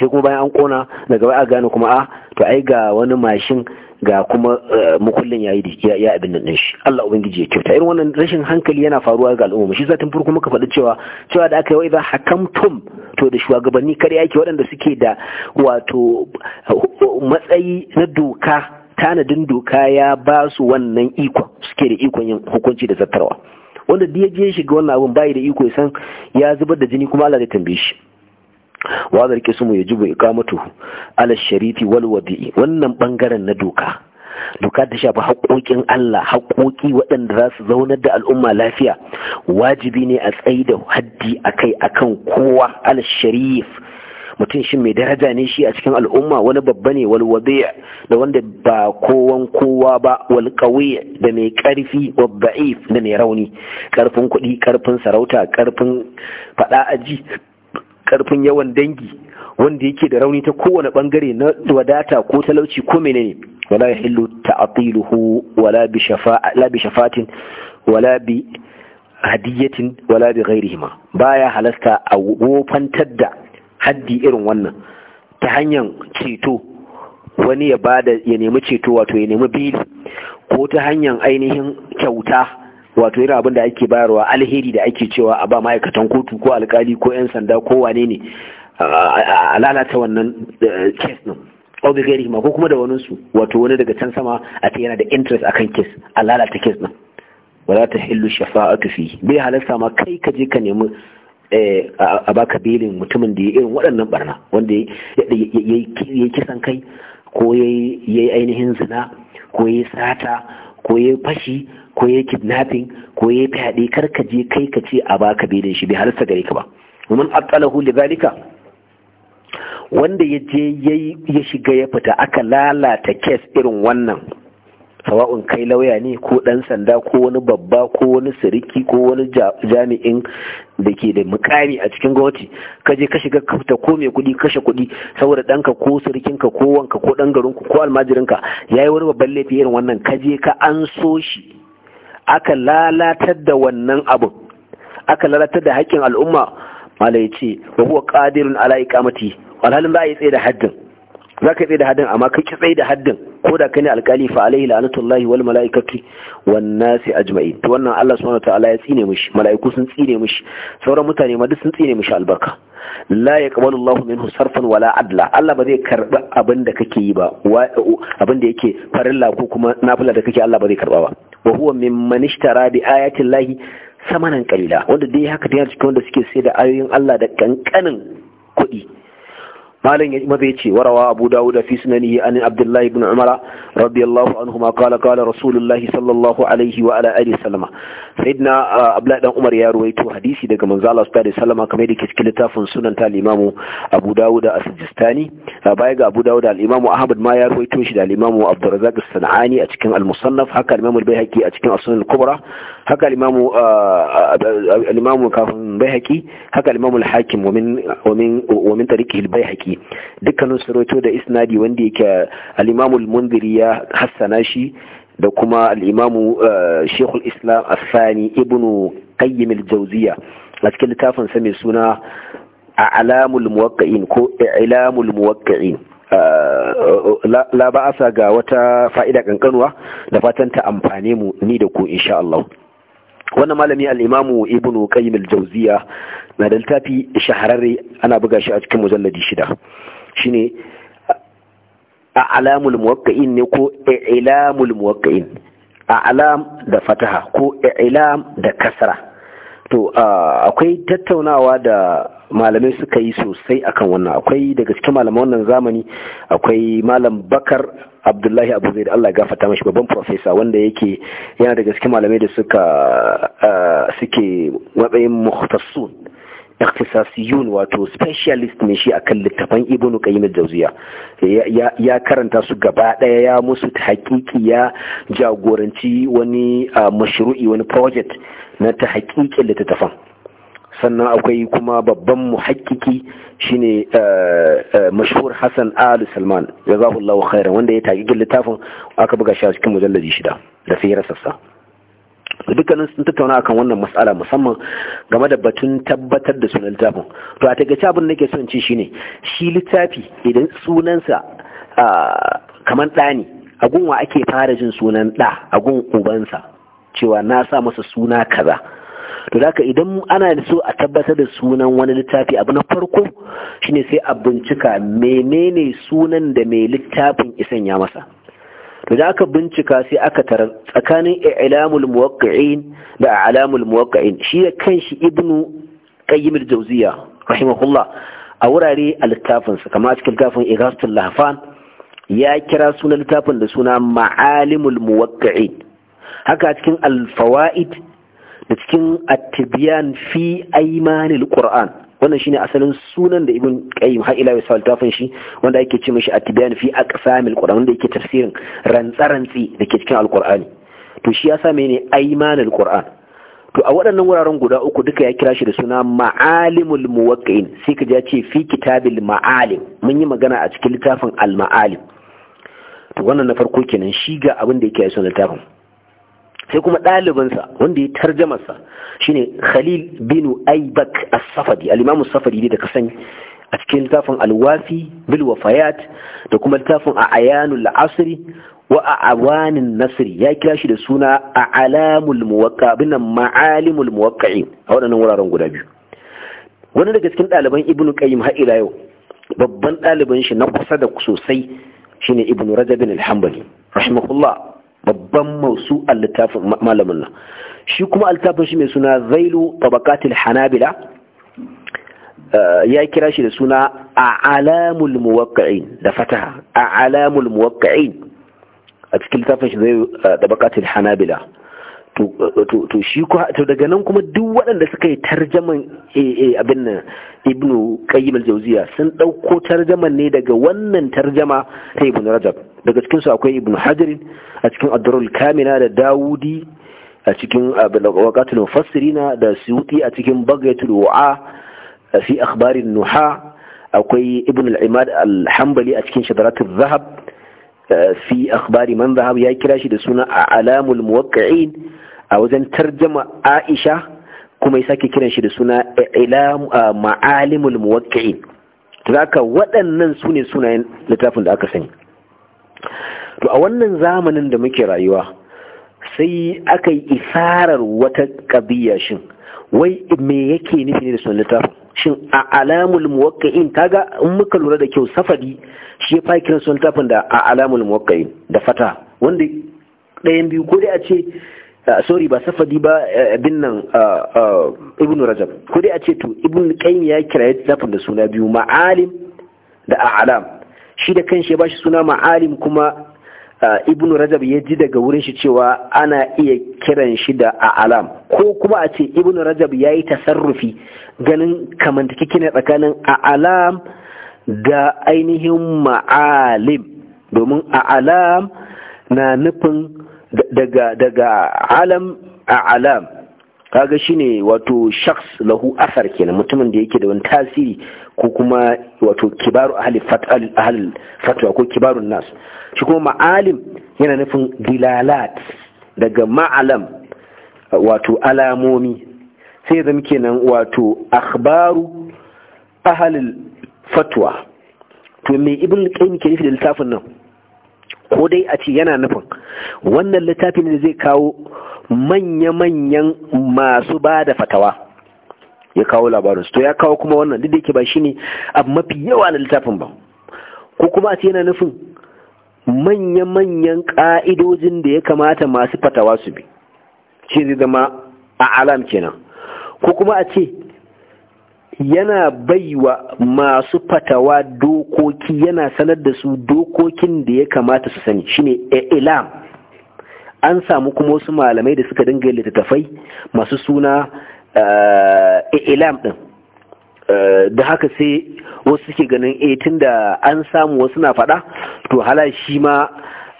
sai kuma bayan an kona daga bai a gane kuma a ah, to ai ga wani mashin ga kuma eh, mukullin yayi da ya abin nan shi Allah ubangiji ya kyauta irin wannan rashin hankali yana faruwa ga al'umma shi zatin farko muka faɗi cewa cewa da aka yi wa hakamtum to da shugabanni kare yake waɗanda suke da wato matsayi na doka tanadin doka ya ba su wannan ikon suke da ikon yin hukunci da zattarwa wanda da ya je shiga wannan abun bai da iko ya san ya zubar da jini kuma Allah zai tambaye shi wa zar ya yajibu iqamatu ala sharifi wal wadi'i wannan bangaren na doka doka ta shafi haƙoƙin Allah haƙoƙi waɗanda za su zaunar da al'umma lafiya wajibi ne a tsayi da haddi akai akan kowa ala sharif mutum shi mai daraja ne shi a cikin al'umma wani babba ne wal da wanda ba kowan kowa ba wal da mai karfi wa ba'if da mai rauni Ƙarfin kuɗi karfin sarauta karfin faɗa aji karfin yawan dangi wanda yake da rauni ta kowane bangare na wadata ko talauci ko menene wala yahillu ta'tiluhu wala bi shafa'a la bi shafatin wala bi hadiyatin wala bi ghairihima baya halasta a wofantar da haddi irin wannan ta hanyar ceto wani ya bada ya nemi ceto wato ya nemi bili ko ta hanyar ainihin kyauta wato irin abin da ake bayarwa alheri da ake cewa a ba ma'aikatan kotu ko alkali ko 'yan sanda ko wane ne a lalata wannan kes din obi ma ko kuma da wani wato wani daga can sama a ta yana da interest akan kes a lalata kes din wala ta hillu shafa'atu fi bai halarta ma kai ka je ka nemi eh, a baka belin mutumin da ya irin waɗannan barna wanda ya kisan kai ko ya yi ainihin zina ko ya yi sata ko ya yi fashi ko ya kidnapping ko ya fyaɗe kar ka je kai ka ce a baka belin shi bai halarta gare ka ba mun abtalahu lidhalika wanda ya je ya shiga ya fita aka lalata kes irin wannan sawa'un kai lauya ne ko ɗan sanda ko wani babba ko wani siriki ko wani jami'in da ke da mukami a cikin gwamnati ka je ka shiga fita ko mai kuɗi kashe kuɗi saboda ɗanka ko sirikinka ko wanka ko ɗan garinku ko almajirinka ya yi wani babban laifi irin wannan ka je ka an so shi aka lalatar da wannan abin aka lalatar da haƙƙin al'umma mala ya ce wa huwa qadirun ala iqamati alhalin za a yi tsaye da haddin za ka tsaye da haddin amma ka ki tsaye da haddin ko da ka kane alƙali, fa alaihi la'natullahi wal mala'ikati wan nasi ajma'in to wannan Allah subhanahu wataala ya tsine mishi mala'iku sun tsine mishi sauran mutane ma duk sun tsine mishi albarka la yaqbalu Allahu minhu sarfan wala adla Allah ba zai karbi abin da kake yi ba abin da yake farilla ko kuma nafila da kake Allah ba zai karba ba wa huwa mimman ishtara bi ayatin lahi samanan qalila wanda dai haka da cikin wanda suke sai da ayoyin Allah da kankanin kuɗi malam ya maza yace warawa abu dawud fi sunanihi an abdullahi bin umar radiyallahu anhuma qala qala rasulullahi sallallahu alaihi wa ala alihi sallama sayyidina uh, abdullahi dan umar ya ruwaito hadisi daga manzo Allah sallallahu alaihi kamar da ke cikin littafin sunan ta limamu abu dawud a sijistani uh, baya ga abu dawud al-imamu ahmad ma ya ruwaito shi da al sanani a cikin al haka al-imamu al a cikin as-sunan kubra haka al-imamu uh, al-imamu hakim wa min wa min wa dukkanin su da isnadi wanda yake al-Imam al-Mundhiri ya hassana shi da kuma al-Imam eh, Sheikhul Islam asani ibnu Ibn Qayyim al-Jawziya a cikin littafin sa mai suna A'lamul Muwaqqi'in ko I'lamul Muwaqqi'in eh, la ba'asa ga wata fa'ida kankanuwa da fatan ta amfane mu ni da ku insha Allah wannan malami al'imamu ibn ibnu qayyim al-jawziya na da littafi shahararre ana buga shi a cikin mujalladi shida shine a'lamul muwaqqi'in ne ko i'lamul muwaqqi'in a'lam da fataha ko i'lam da kasra to akwai tattaunawa da malamai suka yi sosai akan wannan akwai daga cikin malaman wannan zamani akwai malam bakar abdullahi abu zai da allah gafata mashi babban profesa wanda yake yana daga cikin malamai da suka ah, suke matsayin muhtassun ikhtisasiyun wato specialist ne shi akan littafan ibnu qayyim al-jawziya ya karanta su gaba daya ya musu tahqiqi ya jagoranci wani ah, mashru'i wani project na tahqiqi littafan sannan akwai kuma babban muhakkiki shine eh, eh, mashhur Hassan Ali Salman jazakallahu khairan wanda ya taƙi littafin aka buga shi a cikin shida da sai rasassa dukkanin sun tattauna akan wannan mas'ala musamman game da batun tabbatar da sunan littafin to a takaice abin da ke son ci shine shi littafi idan sunansa ah, kamar ɗa ne, a gunwa ake fara jin sunan ɗa a gun ubansa cewa na sa masa suna kaza to zaka idan ana so a tabbatar da sunan wani littafi abu na farko shine sai a bincika menene sunan da mai littafin isan ya masa to da aka bincika sai aka tarar tsakanin i'lamul muwaqqi'in da a'lamul muwaqqi'in shi kanshi ibnu qayyim al-jawziya rahimahullah a wurare a littafinsa kamar cikin littafin igastul lahfan ya kira sunan littafin da suna ma'alimul muwaqqi'in haka cikin al-fawaid da cikin attibiyan fi aimanil qur'an wannan shine asalin sunan da ibn qayyim har ila yasa littafin shi wanda ake ce mishi attibiyan fi aqsamil qur'an wanda yake tafsirin rantsarantsi da ke cikin alqur'ani to shi ya yasa mene aimanil qur'an to a waɗannan wuraren guda uku duka ya kira shi da suna ma'alimul muwaqqin sai ka ce fi kitabil ma'alim mun yi magana a cikin littafin al ma'alim to wannan na farko kenan shi ga abin da yake yi sunan littafin sai kuma ɗalibinsa wanda ya tarjamarsa shine khalil binu aibak as-safadi al-imam safadi da ka sani a cikin littafin alwafi bil wafayat da kuma littafin a ayanul asri wa a awanin nasri ya kira shi da suna a alamul muwaqqa binan ma'alimul muwakka'i a waɗannan wuraren guda biyu wani daga cikin ɗaliban ibnu qayyim har ila yau babban ɗaliban shi na kusa da sosai shine ibnu rajab bin al-hanbali rahimahullah babban masu a littafin malamin nan shi kuma littafin shi mai suna zailu tabakatil hanabila eh, ya kira shi da suna a a'alamul muwakka'in da fataha a a'alamul muwakka'in a cikin littafin shi zailu eh, tabakatil hanabila to eh, shi to daga nan kuma duk waɗanda suka yi tarjaman abin nan ibnu qayyim al-jawziya sun dauko tarjaman ne daga wannan tarjama ta ibnu rajab daga cikin su akwai ibnu hajar a cikin ad-durrul kamina da dawudi a cikin waqatul mufassirina da suyuti a cikin baghatul wa'a fi akhbarin nuha akwai ibnu al-imad al-hanbali a cikin shadaratul zahab fi akhbari man zahab ya kira shi da suna alamul muwaqqi'in a wajen tarjama aisha kuma ya sake kiran shi da suna ila ma'alimul muwaqqi'in to haka waɗannan su ne sunayen littafin da aka sani to a wannan zamanin da muke rayuwa sai aka yi isarar wata ƙabiya shin wai me yake nufi ne da sunan littafin shin a alamul muwakkain kaga in muka lura da kyau safadi shi ya fa kiran sunan littafin da a alamul da fata wanda ɗayan biyu ko dai a ce Uh, sorry ba safadi ba uh, abin nan uh, ibn rajab ko dai a ce to ibn qayyim ya kira littafin da suna biyu ma'alim da a'lam shi da kanshi ya bashi suna ma'alim kuma ibn rajab ya ji daga wurin shi cewa ana iya kiran shi da a'lam ko kuma a ce ibn rajab ya yi tasarrufi ganin kamantake na tsakanin a'lam da ainihin ma'alim domin a'lam na nufin daga alam a alam kaga shine wato shakhs lahu asar kenan mutumin da yake da wani tasiri ko kuma wato kibaru ahli fatwa ko kibarun nas shi kuma ma'alim yana nufin dilalat daga ma'alam wato alamomi sai zama kenan wato akhbaru ahli fatwa to me ibn qayyim ke nufi da littafin nan ko dai a ce yana nufin wannan littafin ne zai kawo manya-manyan masu ba da fatawa ya kawo labarinsu to ya kawo kuma wannan duk da yake ba shi ne abu mafi yawa na littafin ba ko kuma a ce yana nufin manya-manyan ƙa'idojin da ya kamata masu fatawa su bi shi zai zama a alam kenan ko kuma a ce yana baiwa masu fatawa dokoki yana sanar da su dokokin da ya kamata su sani shine ilam an samu kuma wasu malamai da suka dinga littattafai masu suna eh, ilam din eh, da haka sai wasu suke ganin etin eh, tunda an samu wasu na faɗa to hala shi ma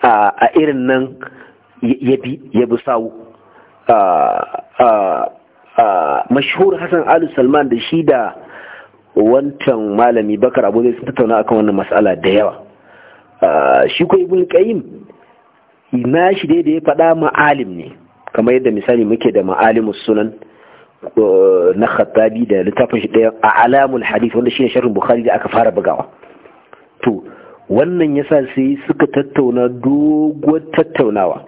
a irin nan ya bi sawu ah, ah, mashhur Hassan Ali Salman da shi da wancan malami Bakar Abu sun tattauna akan wannan mas'ala da yawa shi ko Ibn Qayyim na shi dai da ya faɗa ma'alim ne kamar yadda misali muke da ma'alimus sunan na khattabi da littafin shi ɗaya a alamul hadith wanda shi ne sharrin bukhari da aka fara bugawa to wannan yasa sai suka tattauna doguwar tattaunawa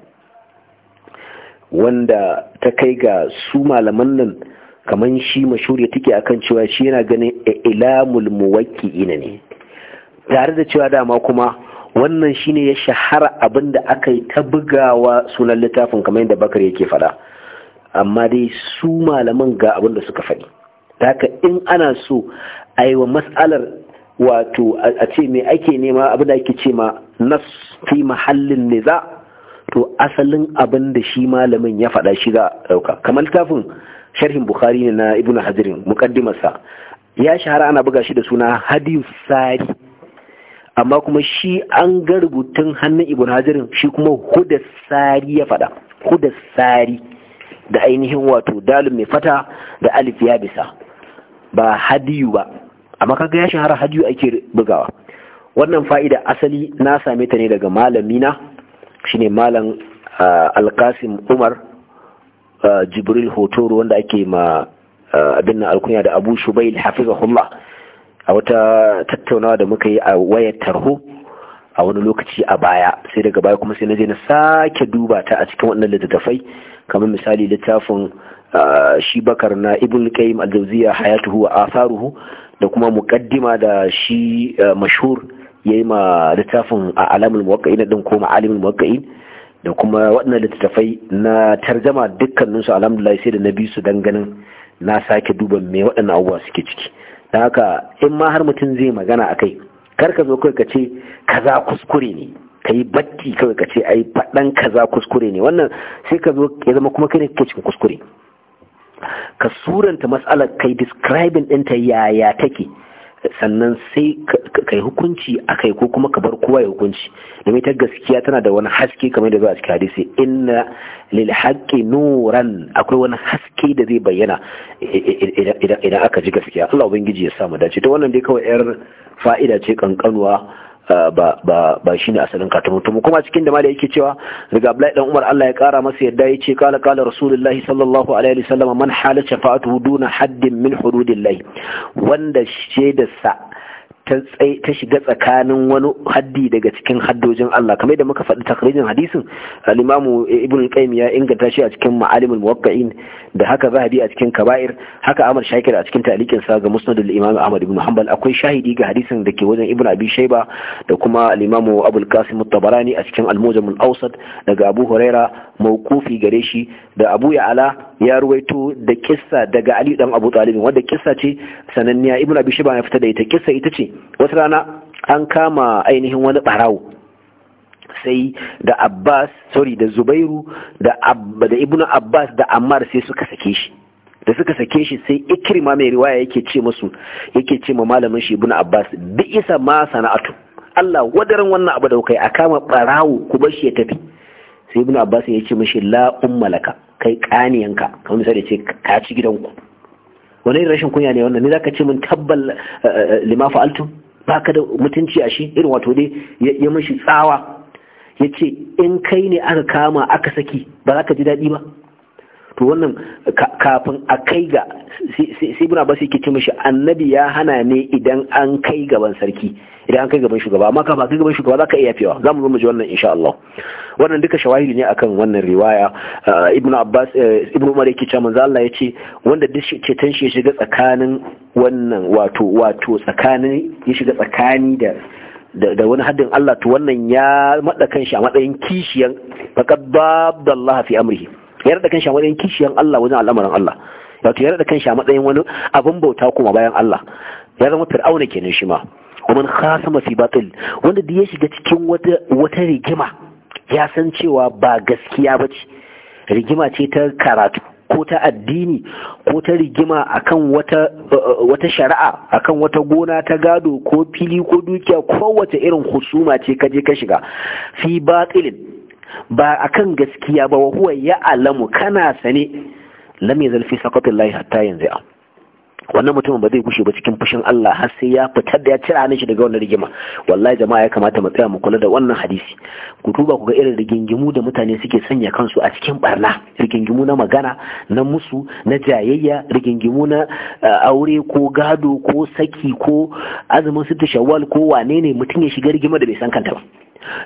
wanda ta kai ga su malaman nan kamar shi mashuri ya take akan cewa shi yana ganin ilamul ina ne tare da cewa dama kuma wannan shine ya shahara abin da aka yi ta bugawa sunan littafin kamar yadda bakar yake faɗa amma dai su malaman ga abin da suka faɗi haka in ana so a yi wa matsalar wato a ce mai ake nema abin da ake ce ma nas fi mahallin niza to asalin abin da shi malamin ya faɗa shi za a ɗauka kamar littafin sharhin bukhari ne na ibnu hajirin muqaddimarsa ya shahara ana buga shi da suna hadiyu sari amma kuma shi an ga rubutun hannun ibnu hajirin shi kuma huda sari ya faɗa huda sari da ainihin wato dalil mai fata da alif ya bisa ba hadiyu ba amma kaga ya shahara hadiyu ake bugawa wannan fa'ida asali na same ta ne daga malamina shine malam ah, alkasim umar ah, jibril hotoro wanda ake ma ah, abin na alkunya da abu shubail hafizahullah a wata tattaunawa da muka yi a wayar tarho a wani lokaci a baya sai daga baya kuma sai na je na sake duba ta a cikin wannan littattafai kamar misali littafin shi bakar na ibn qayyim al-jawziya hayatuhu wa atharuhu da kuma muqaddima da shi mashhur Ya yi ma littafin a alamul muwaqqa'in din ko ma'alimul muwaqqa'in da kuma waɗannan littattafai na tarjama dukkanin su alhamdulillah sai da na bi su dan ganin na sake duba me waɗannan abubuwa suke ciki Da haka in ma har mutum zai magana a kai, kar ka zo kai ka ce kaza kuskure ne ka yi batti kawai ka ce ai faɗan kaza kuskure ne wannan sai ka zo ya zama kuma kai ne kake cikin kuskure ka suranta matsalar kai describing ɗinta yaya take sannan sai kai hukunci akai ko kuma ka bar kowa ya hukunci domin ta gaskiya tana da wani haske kamar da zuwa cikin hadisi inna lil haqqi nuran akwai wani haske da zai bayyana idan aka ji gaskiya Allah ubangiji ya sa mu dace to wannan dai kawai yar fa'ida ce kankanuwa Ah, ba shi ne asalin katamu to kuma cikin da malai yake cewa riga Abdullahi dan Umar Allah ya kara masa yadda ce kala kala Rasulullahi sallallahu alaihi wasallam man hala shafa'atuhu duna haddin min hududillahi wanda shaidarsa ta shiga tsakanin wani haddi daga cikin haddojin Allah kamar da muka faɗi takrijin hadisin al-imamu ibn qayyim ya inganta shi a cikin ma'alimin muwaqqi'in da haka zahabi a cikin kaba'ir haka amr shakir a cikin ta'liqin sa ga musnad al-imam ahmad ibn hanbal akwai shahidi ga hadisin da ke wajen ibn abi shayba da kuma al-imamu abul qasim at-tabarani a cikin al-mujam al-awsat daga abu huraira mawqufi gare shi da Abu Ya'ala ya ruwaito da kissa daga Ali dan Abu Talib wanda kissa ce sananniya ibnu Abi shiba ya fita da ita kissa ita ce wata rana an kama ainihin wani barawo sai da Abbas sorry da Zubairu da Abba da Ibn Abbas da Ammar sai suka sake shi da suka sake shi sai Ikrima mai riwaya yake ce musu yake ce ma malamin shi Ibn Abbas bi isa ma sana'atu Allah wadaran wannan abu da kai a kama barawo ku bar shi ya tafi sai Ibn Abbas ya ce mishi la ummalaka kai kaniyanka kamar misali ce ka ci gidanku wani rashin kunya ne wannan ne ka ce min tabbal eh, eh, lima Ba ka da mutunci a shi irin wato dai ya mashi tsawa Ya ce in kai ne aka kama aka saki ba za ka ji daɗi ba to wannan kafin a kai ga sai ibn abbas yake ce mishi annabi ya hana ne idan an kai gaban sarki idan an kai gaban shugaba amma kafin kai gaban shugaba za ka iya fiyawa mu zo mu ji wannan insha Allah wannan duka shawahili ne akan wannan riwaya uh, ibn abbas uh, ibn umar yake cewa manzo Allah yace wanda duk cetan shi ya shiga tsakanin wannan wato wato tsakanin ya shiga tsakani da da wani haddin Allah to wannan ya maɗa kanshi a matsayin kishiyan faqad babda Allah fi amrihi ya da kanshi a kishiyan Allah wajen al'amarin Allah wato ya da kanshi a matsayin wani abin bauta kuma bayan Allah ya zama fir'auna kenan shi ma ومن خاصم في باطل wanda da ya shiga cikin wata rigima ya san cewa ba gaskiya ba ce. rigima ce ta karatu ko ta addini ko ta rigima akan wata wata shari'a akan wata gona ta gado ko fili ko dukiya ko wata irin husuma ce ka ka shiga fi batilin ba a kan gaskiya ba wa huwa alamu kana sane lami zalfi fi layi hatta yanzu wannan mutumin ba zai gushe ba cikin fushin Allah har sai ya fitar da ya cira ne shi daga wannan rigima wallahi jama'a ya kamata mu tsaya mu kula da wannan hadisi ku duba ku ga irin rigingimu da mutane suke sanya kansu a cikin barna rigingimu na magana na musu na jayayya rigingimu na aure ko gado ko saki ko azumin sittu shawwal ko wane ne mutum ya shiga rigima da bai san kanta ba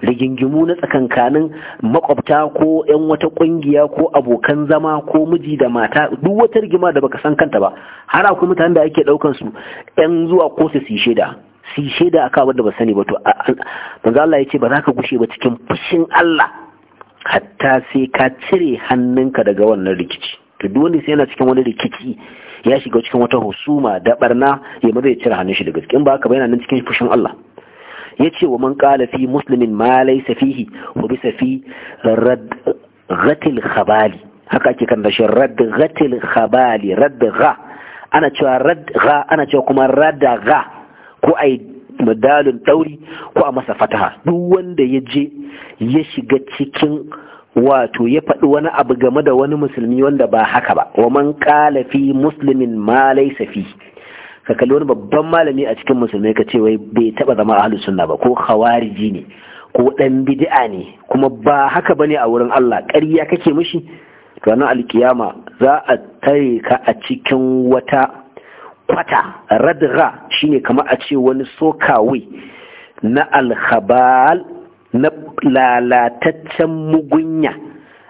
rigingimu na tsakankanin makwabta ko 'yan wata kungiya ko abokan zama ko miji da mata duk wata rigima da baka san kanta ba har akwai mutanen da ake daukan su 'yan zuwa ko su si shaida si shaida aka wanda ba sani ba to manzo Allah ya ce ba za ka gushe ba cikin fushin Allah hatta sai ka cire hannunka daga wannan rikici to duk wanda sai yana cikin wani rikici ya shiga cikin wata husuma da barna ya maza ya cire hannun shi daga cikin ba haka ba yana nan cikin fushin Allah yace wa man qala fi muslimin ma laysa fihi wa bi safi radghatil khabali haka ake kan dashin radghatil khabali radgha ana cewa radgha ana cewa kuma radagha ko ai madalun tauri ko a masa fataha duk wanda ya je ya shiga cikin wato ya faɗi wani abu game da wani musulmi wanda ba haka ba wa man qala fi muslimin ma laysa fihi ka kalli wani babban malami a cikin musulmai ka ce wai bai taba zama ahlus suna ba ko khawariji ne ko dan bid'a ne kuma ba haka ba ne a wurin Allah ƙarya kake mishi to nan alkiyama za a tare ka a cikin wata kwata radra shine kamar a ce wani sokawe na alkhabal na lalataccen mugunya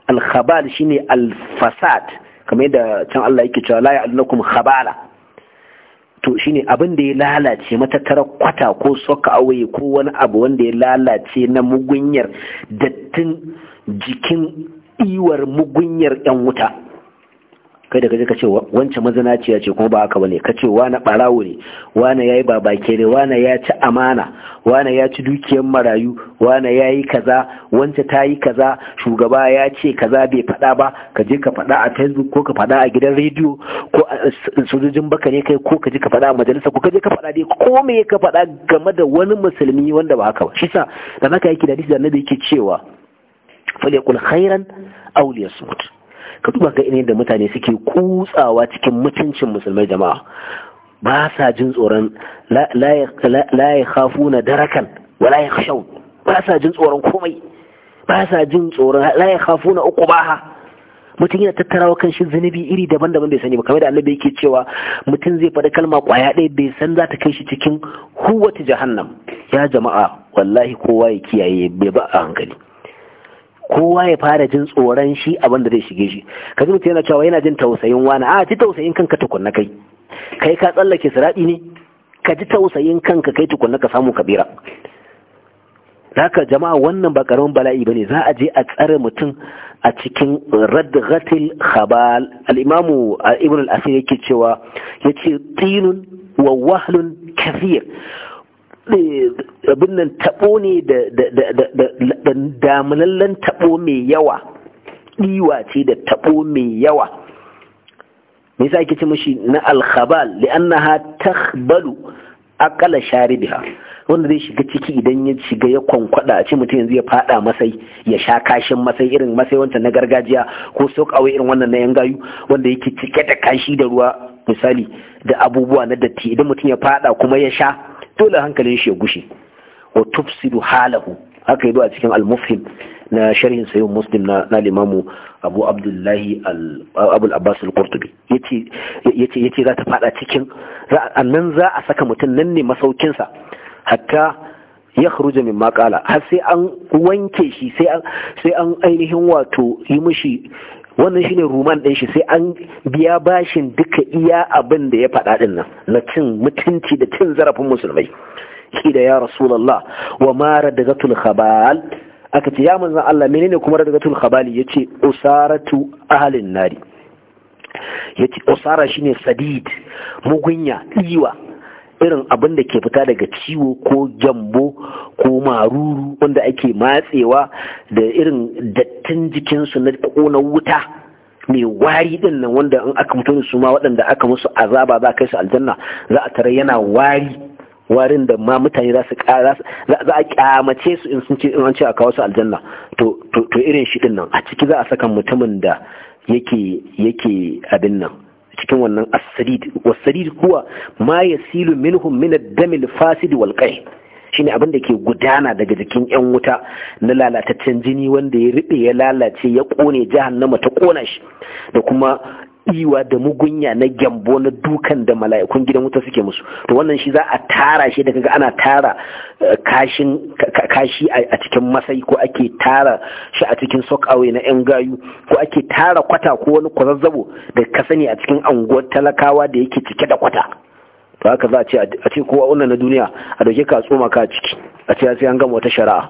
alkhabal shine alfasad kamar yadda can Allah yake cewa la ya'lakum khabala to shi ne abin da ya lalace matattara kwata ko soka awaye ko wani abu wanda ya lalace na mugunyar dattin jikin iwar mugunyar yan wuta kai da kaje ka ce wancan mazanaciya ce kuma ba haka bane ka ce wani barawo ne wani yayi babake ne wani ya ci amana wani ya ci dukiyar marayu wani yayi kaza wancan ta yi kaza shugaba ya ce kaza bai faɗa ba ka je ka faɗa a facebook ko ka faɗa a gidan rediyo ko sojojin baka ne kai ko ka je ka faɗa a majalisa ko ka je ka faɗa dai ko me ka faɗa game da wani musulmi wanda ba haka ba shi sa da haka yake da hadisi da annabi yake cewa falyakul khairan aw liyasmut ka duba ga inda da mutane suke kutsawa cikin mutuncin musulmai jama'a ba sa jin tsoron la ya khafu na darakan wa la ya ba sa jin tsoron komai ba sa jin tsoron la ya khafu na uku baha mutum yana tattarawa kan shi zunubi iri daban-daban bai sani ba kamar da annabi yake cewa mutum zai faɗi kalma ƙwaya ɗaya bai san za ta kai shi cikin huwata jahannam ya jama'a wallahi kowa ya kiyaye bai ba a hankali kowa ya fara jin tsoron shi abin da zai shige shi ka ji mutum yana cewa yana jin tausayin wani a ah, ji tausayin kanka tukunna kai kai ka tsallake siraɗi ne ka ji tausayin kanka kai tukunna ka samu kabira haka jama'a wannan ba karamin bala'i bane za a je a tsare mutum a cikin radghatil khabal al-imamu ibn al-asir yake cewa yace tinun wa wahlun kathir abin nan taɓo ne da damulallen taɓo mai yawa ɗiwa ce da taɓo mai yawa me yasa ake ce mashi na alkhabal li'annaha takhbalu akala sharibiha wanda zai shiga ciki idan ya shiga ya kwankwada a ce mutum yanzu ya faɗa masai ya sha kashin masai irin masai wancan na gargajiya ko sokawai irin wannan na yan gayu wanda yake cike da kashi da ruwa misali da abubuwa na datti idan mutum ya faɗa kuma ya sha dole hankalin shi ya gushe wa tufsidu halahu haka yi a cikin al-mufhim na sharhin sayin muslim na limamu abu abdullahi abul abbas al-qurtubi Ya ce za ta fada cikin nan za a saka mutum nan ne masaukinsa hatta ya kharuja min makala har sai an wanke shi sai an ainihin wato yi mishi wannan shine ruman ɗin shi sai an biya bashin duka iya abin da ya faɗa ɗin nan na cin mutunci da cin zarafin musulmai da ya rasulallah wa ma radagatul khabal aka ce ya manzan Allah menene kuma radagatul ya yace usaratu ahlin nari yace usara shine sadid mugunya diwa irin abin da ke fita daga ciwo ko gyambo ko maruru wanda ake matsewa da irin dattin jikinsu na kona wuta mai wari din nan wanda in aka mutu su ma waɗanda aka musu azaba za kai su aljanna za a tare yana wari warin da ma mutane za su za a kyamace su in sun ce in an ce a kawo su aljanna to irin shi din nan a ciki za a saka mutumin da yake yake abin nan cikin wannan asirid wasirid kuwa ma ya silu yasilu minhum min ad fasidi al-fasid wal shine abin da ke gudana daga jikin yan wuta na lalataccen jini wanda ya riɓe ya lalace ya kone jahannama ta ƙona shi da kuma iwa da mugunya na gyambo na dukan da mala'ikun gidan wuta suke musu to wannan shi za a tara shi da kaga ana tara eh, kashi a cikin masai ko ake tara shi a cikin awe na yan gayu ko ake tara kwata ko wani kwazazzabo da ka sani a cikin anguwar talakawa da yake cike da kwata to haka za a ce kowa wannan na duniya a dauke ka tsoma ka ciki a ce ce an gama wata shari'a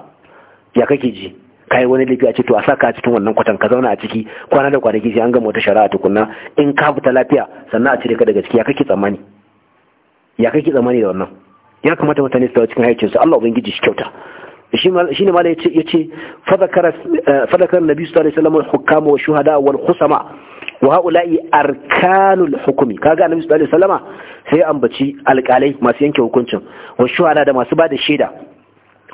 ya kake ji kai wani laifi a ce to a saka a cikin wannan kwatan ka zauna a ciki kwana da kwanaki sai an gama wata shari'a tukunna in ka fita lafiya sannan a cire ka daga ciki ya kake tsammani ya kake tsammani da wannan ya kamata mutane su dawo cikin hayyacin su Allah ubangiji shi kyauta shi ne malai ya ce fadakar nabi su alaihi salamun hukama wa shuhada wal husama wa haula'i arkanul hukumi kaga nabi su alaihi salama sai ambaci alƙalai masu yanke hukuncin wa shuhada da masu ba da shaida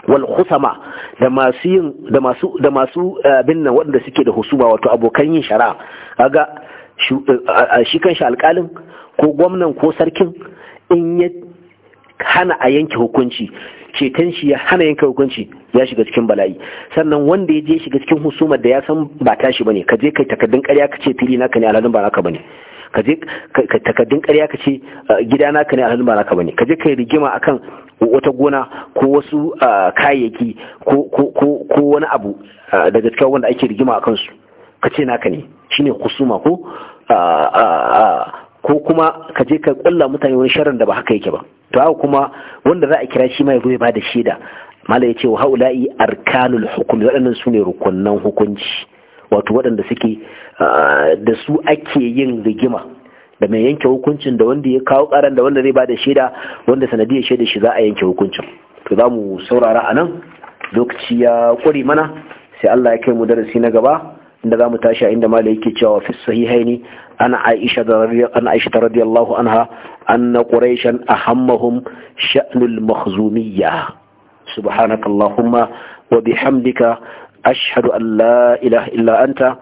wal khusama da masu yin da masu da masu eh, abin nan waɗanda suke da husuma wato abokan yin shari'a kaga eh, shi kan shi alƙalin ko gwamnan ko sarkin in ya hana a yanke hukunci ceton shi ya hana yanke hukunci ya shiga cikin bala'i sannan wanda ya je shiga cikin husumar da ya san ba ta shi bane ka je kai takaddun ƙarya ka ce fili naka ne alhalin ba naka bane ka je takaddun ƙarya ka ce eh, gida naka ne alhalin ba naka bane ka je kai rigima akan wata gona ko wasu kayayyaki ko wani abu daga cikin wanda ake rigima a kansu ka ce naka ne shine kusuma ko ko kuma ka je ka kulla mutane wani sharrin da ba haka yake ba to haka kuma wanda za a kira shi ma ya zo ya bada shaida malai ya ce wa haula'i arkanul hukumi waɗannan su ne rukunnan hukunci wato waɗanda suke da su ake yin rigima da mai yanke hukuncin da wanda ya kawo karan da wanda zai da shaida wanda sanadiyar shaida shi za a yanke hukuncin to za mu saurara a nan lokaci ya ƙuri mana sai Allah ya kai mu darasi na gaba inda za mu tashi a inda mala yake cewa fi sahihaini ana aisha an aisha radiyallahu anha anna quraishan ahammahum sha'nul mahzumiyya subhanakallahumma wa bihamdika ashhadu an la ilaha illa anta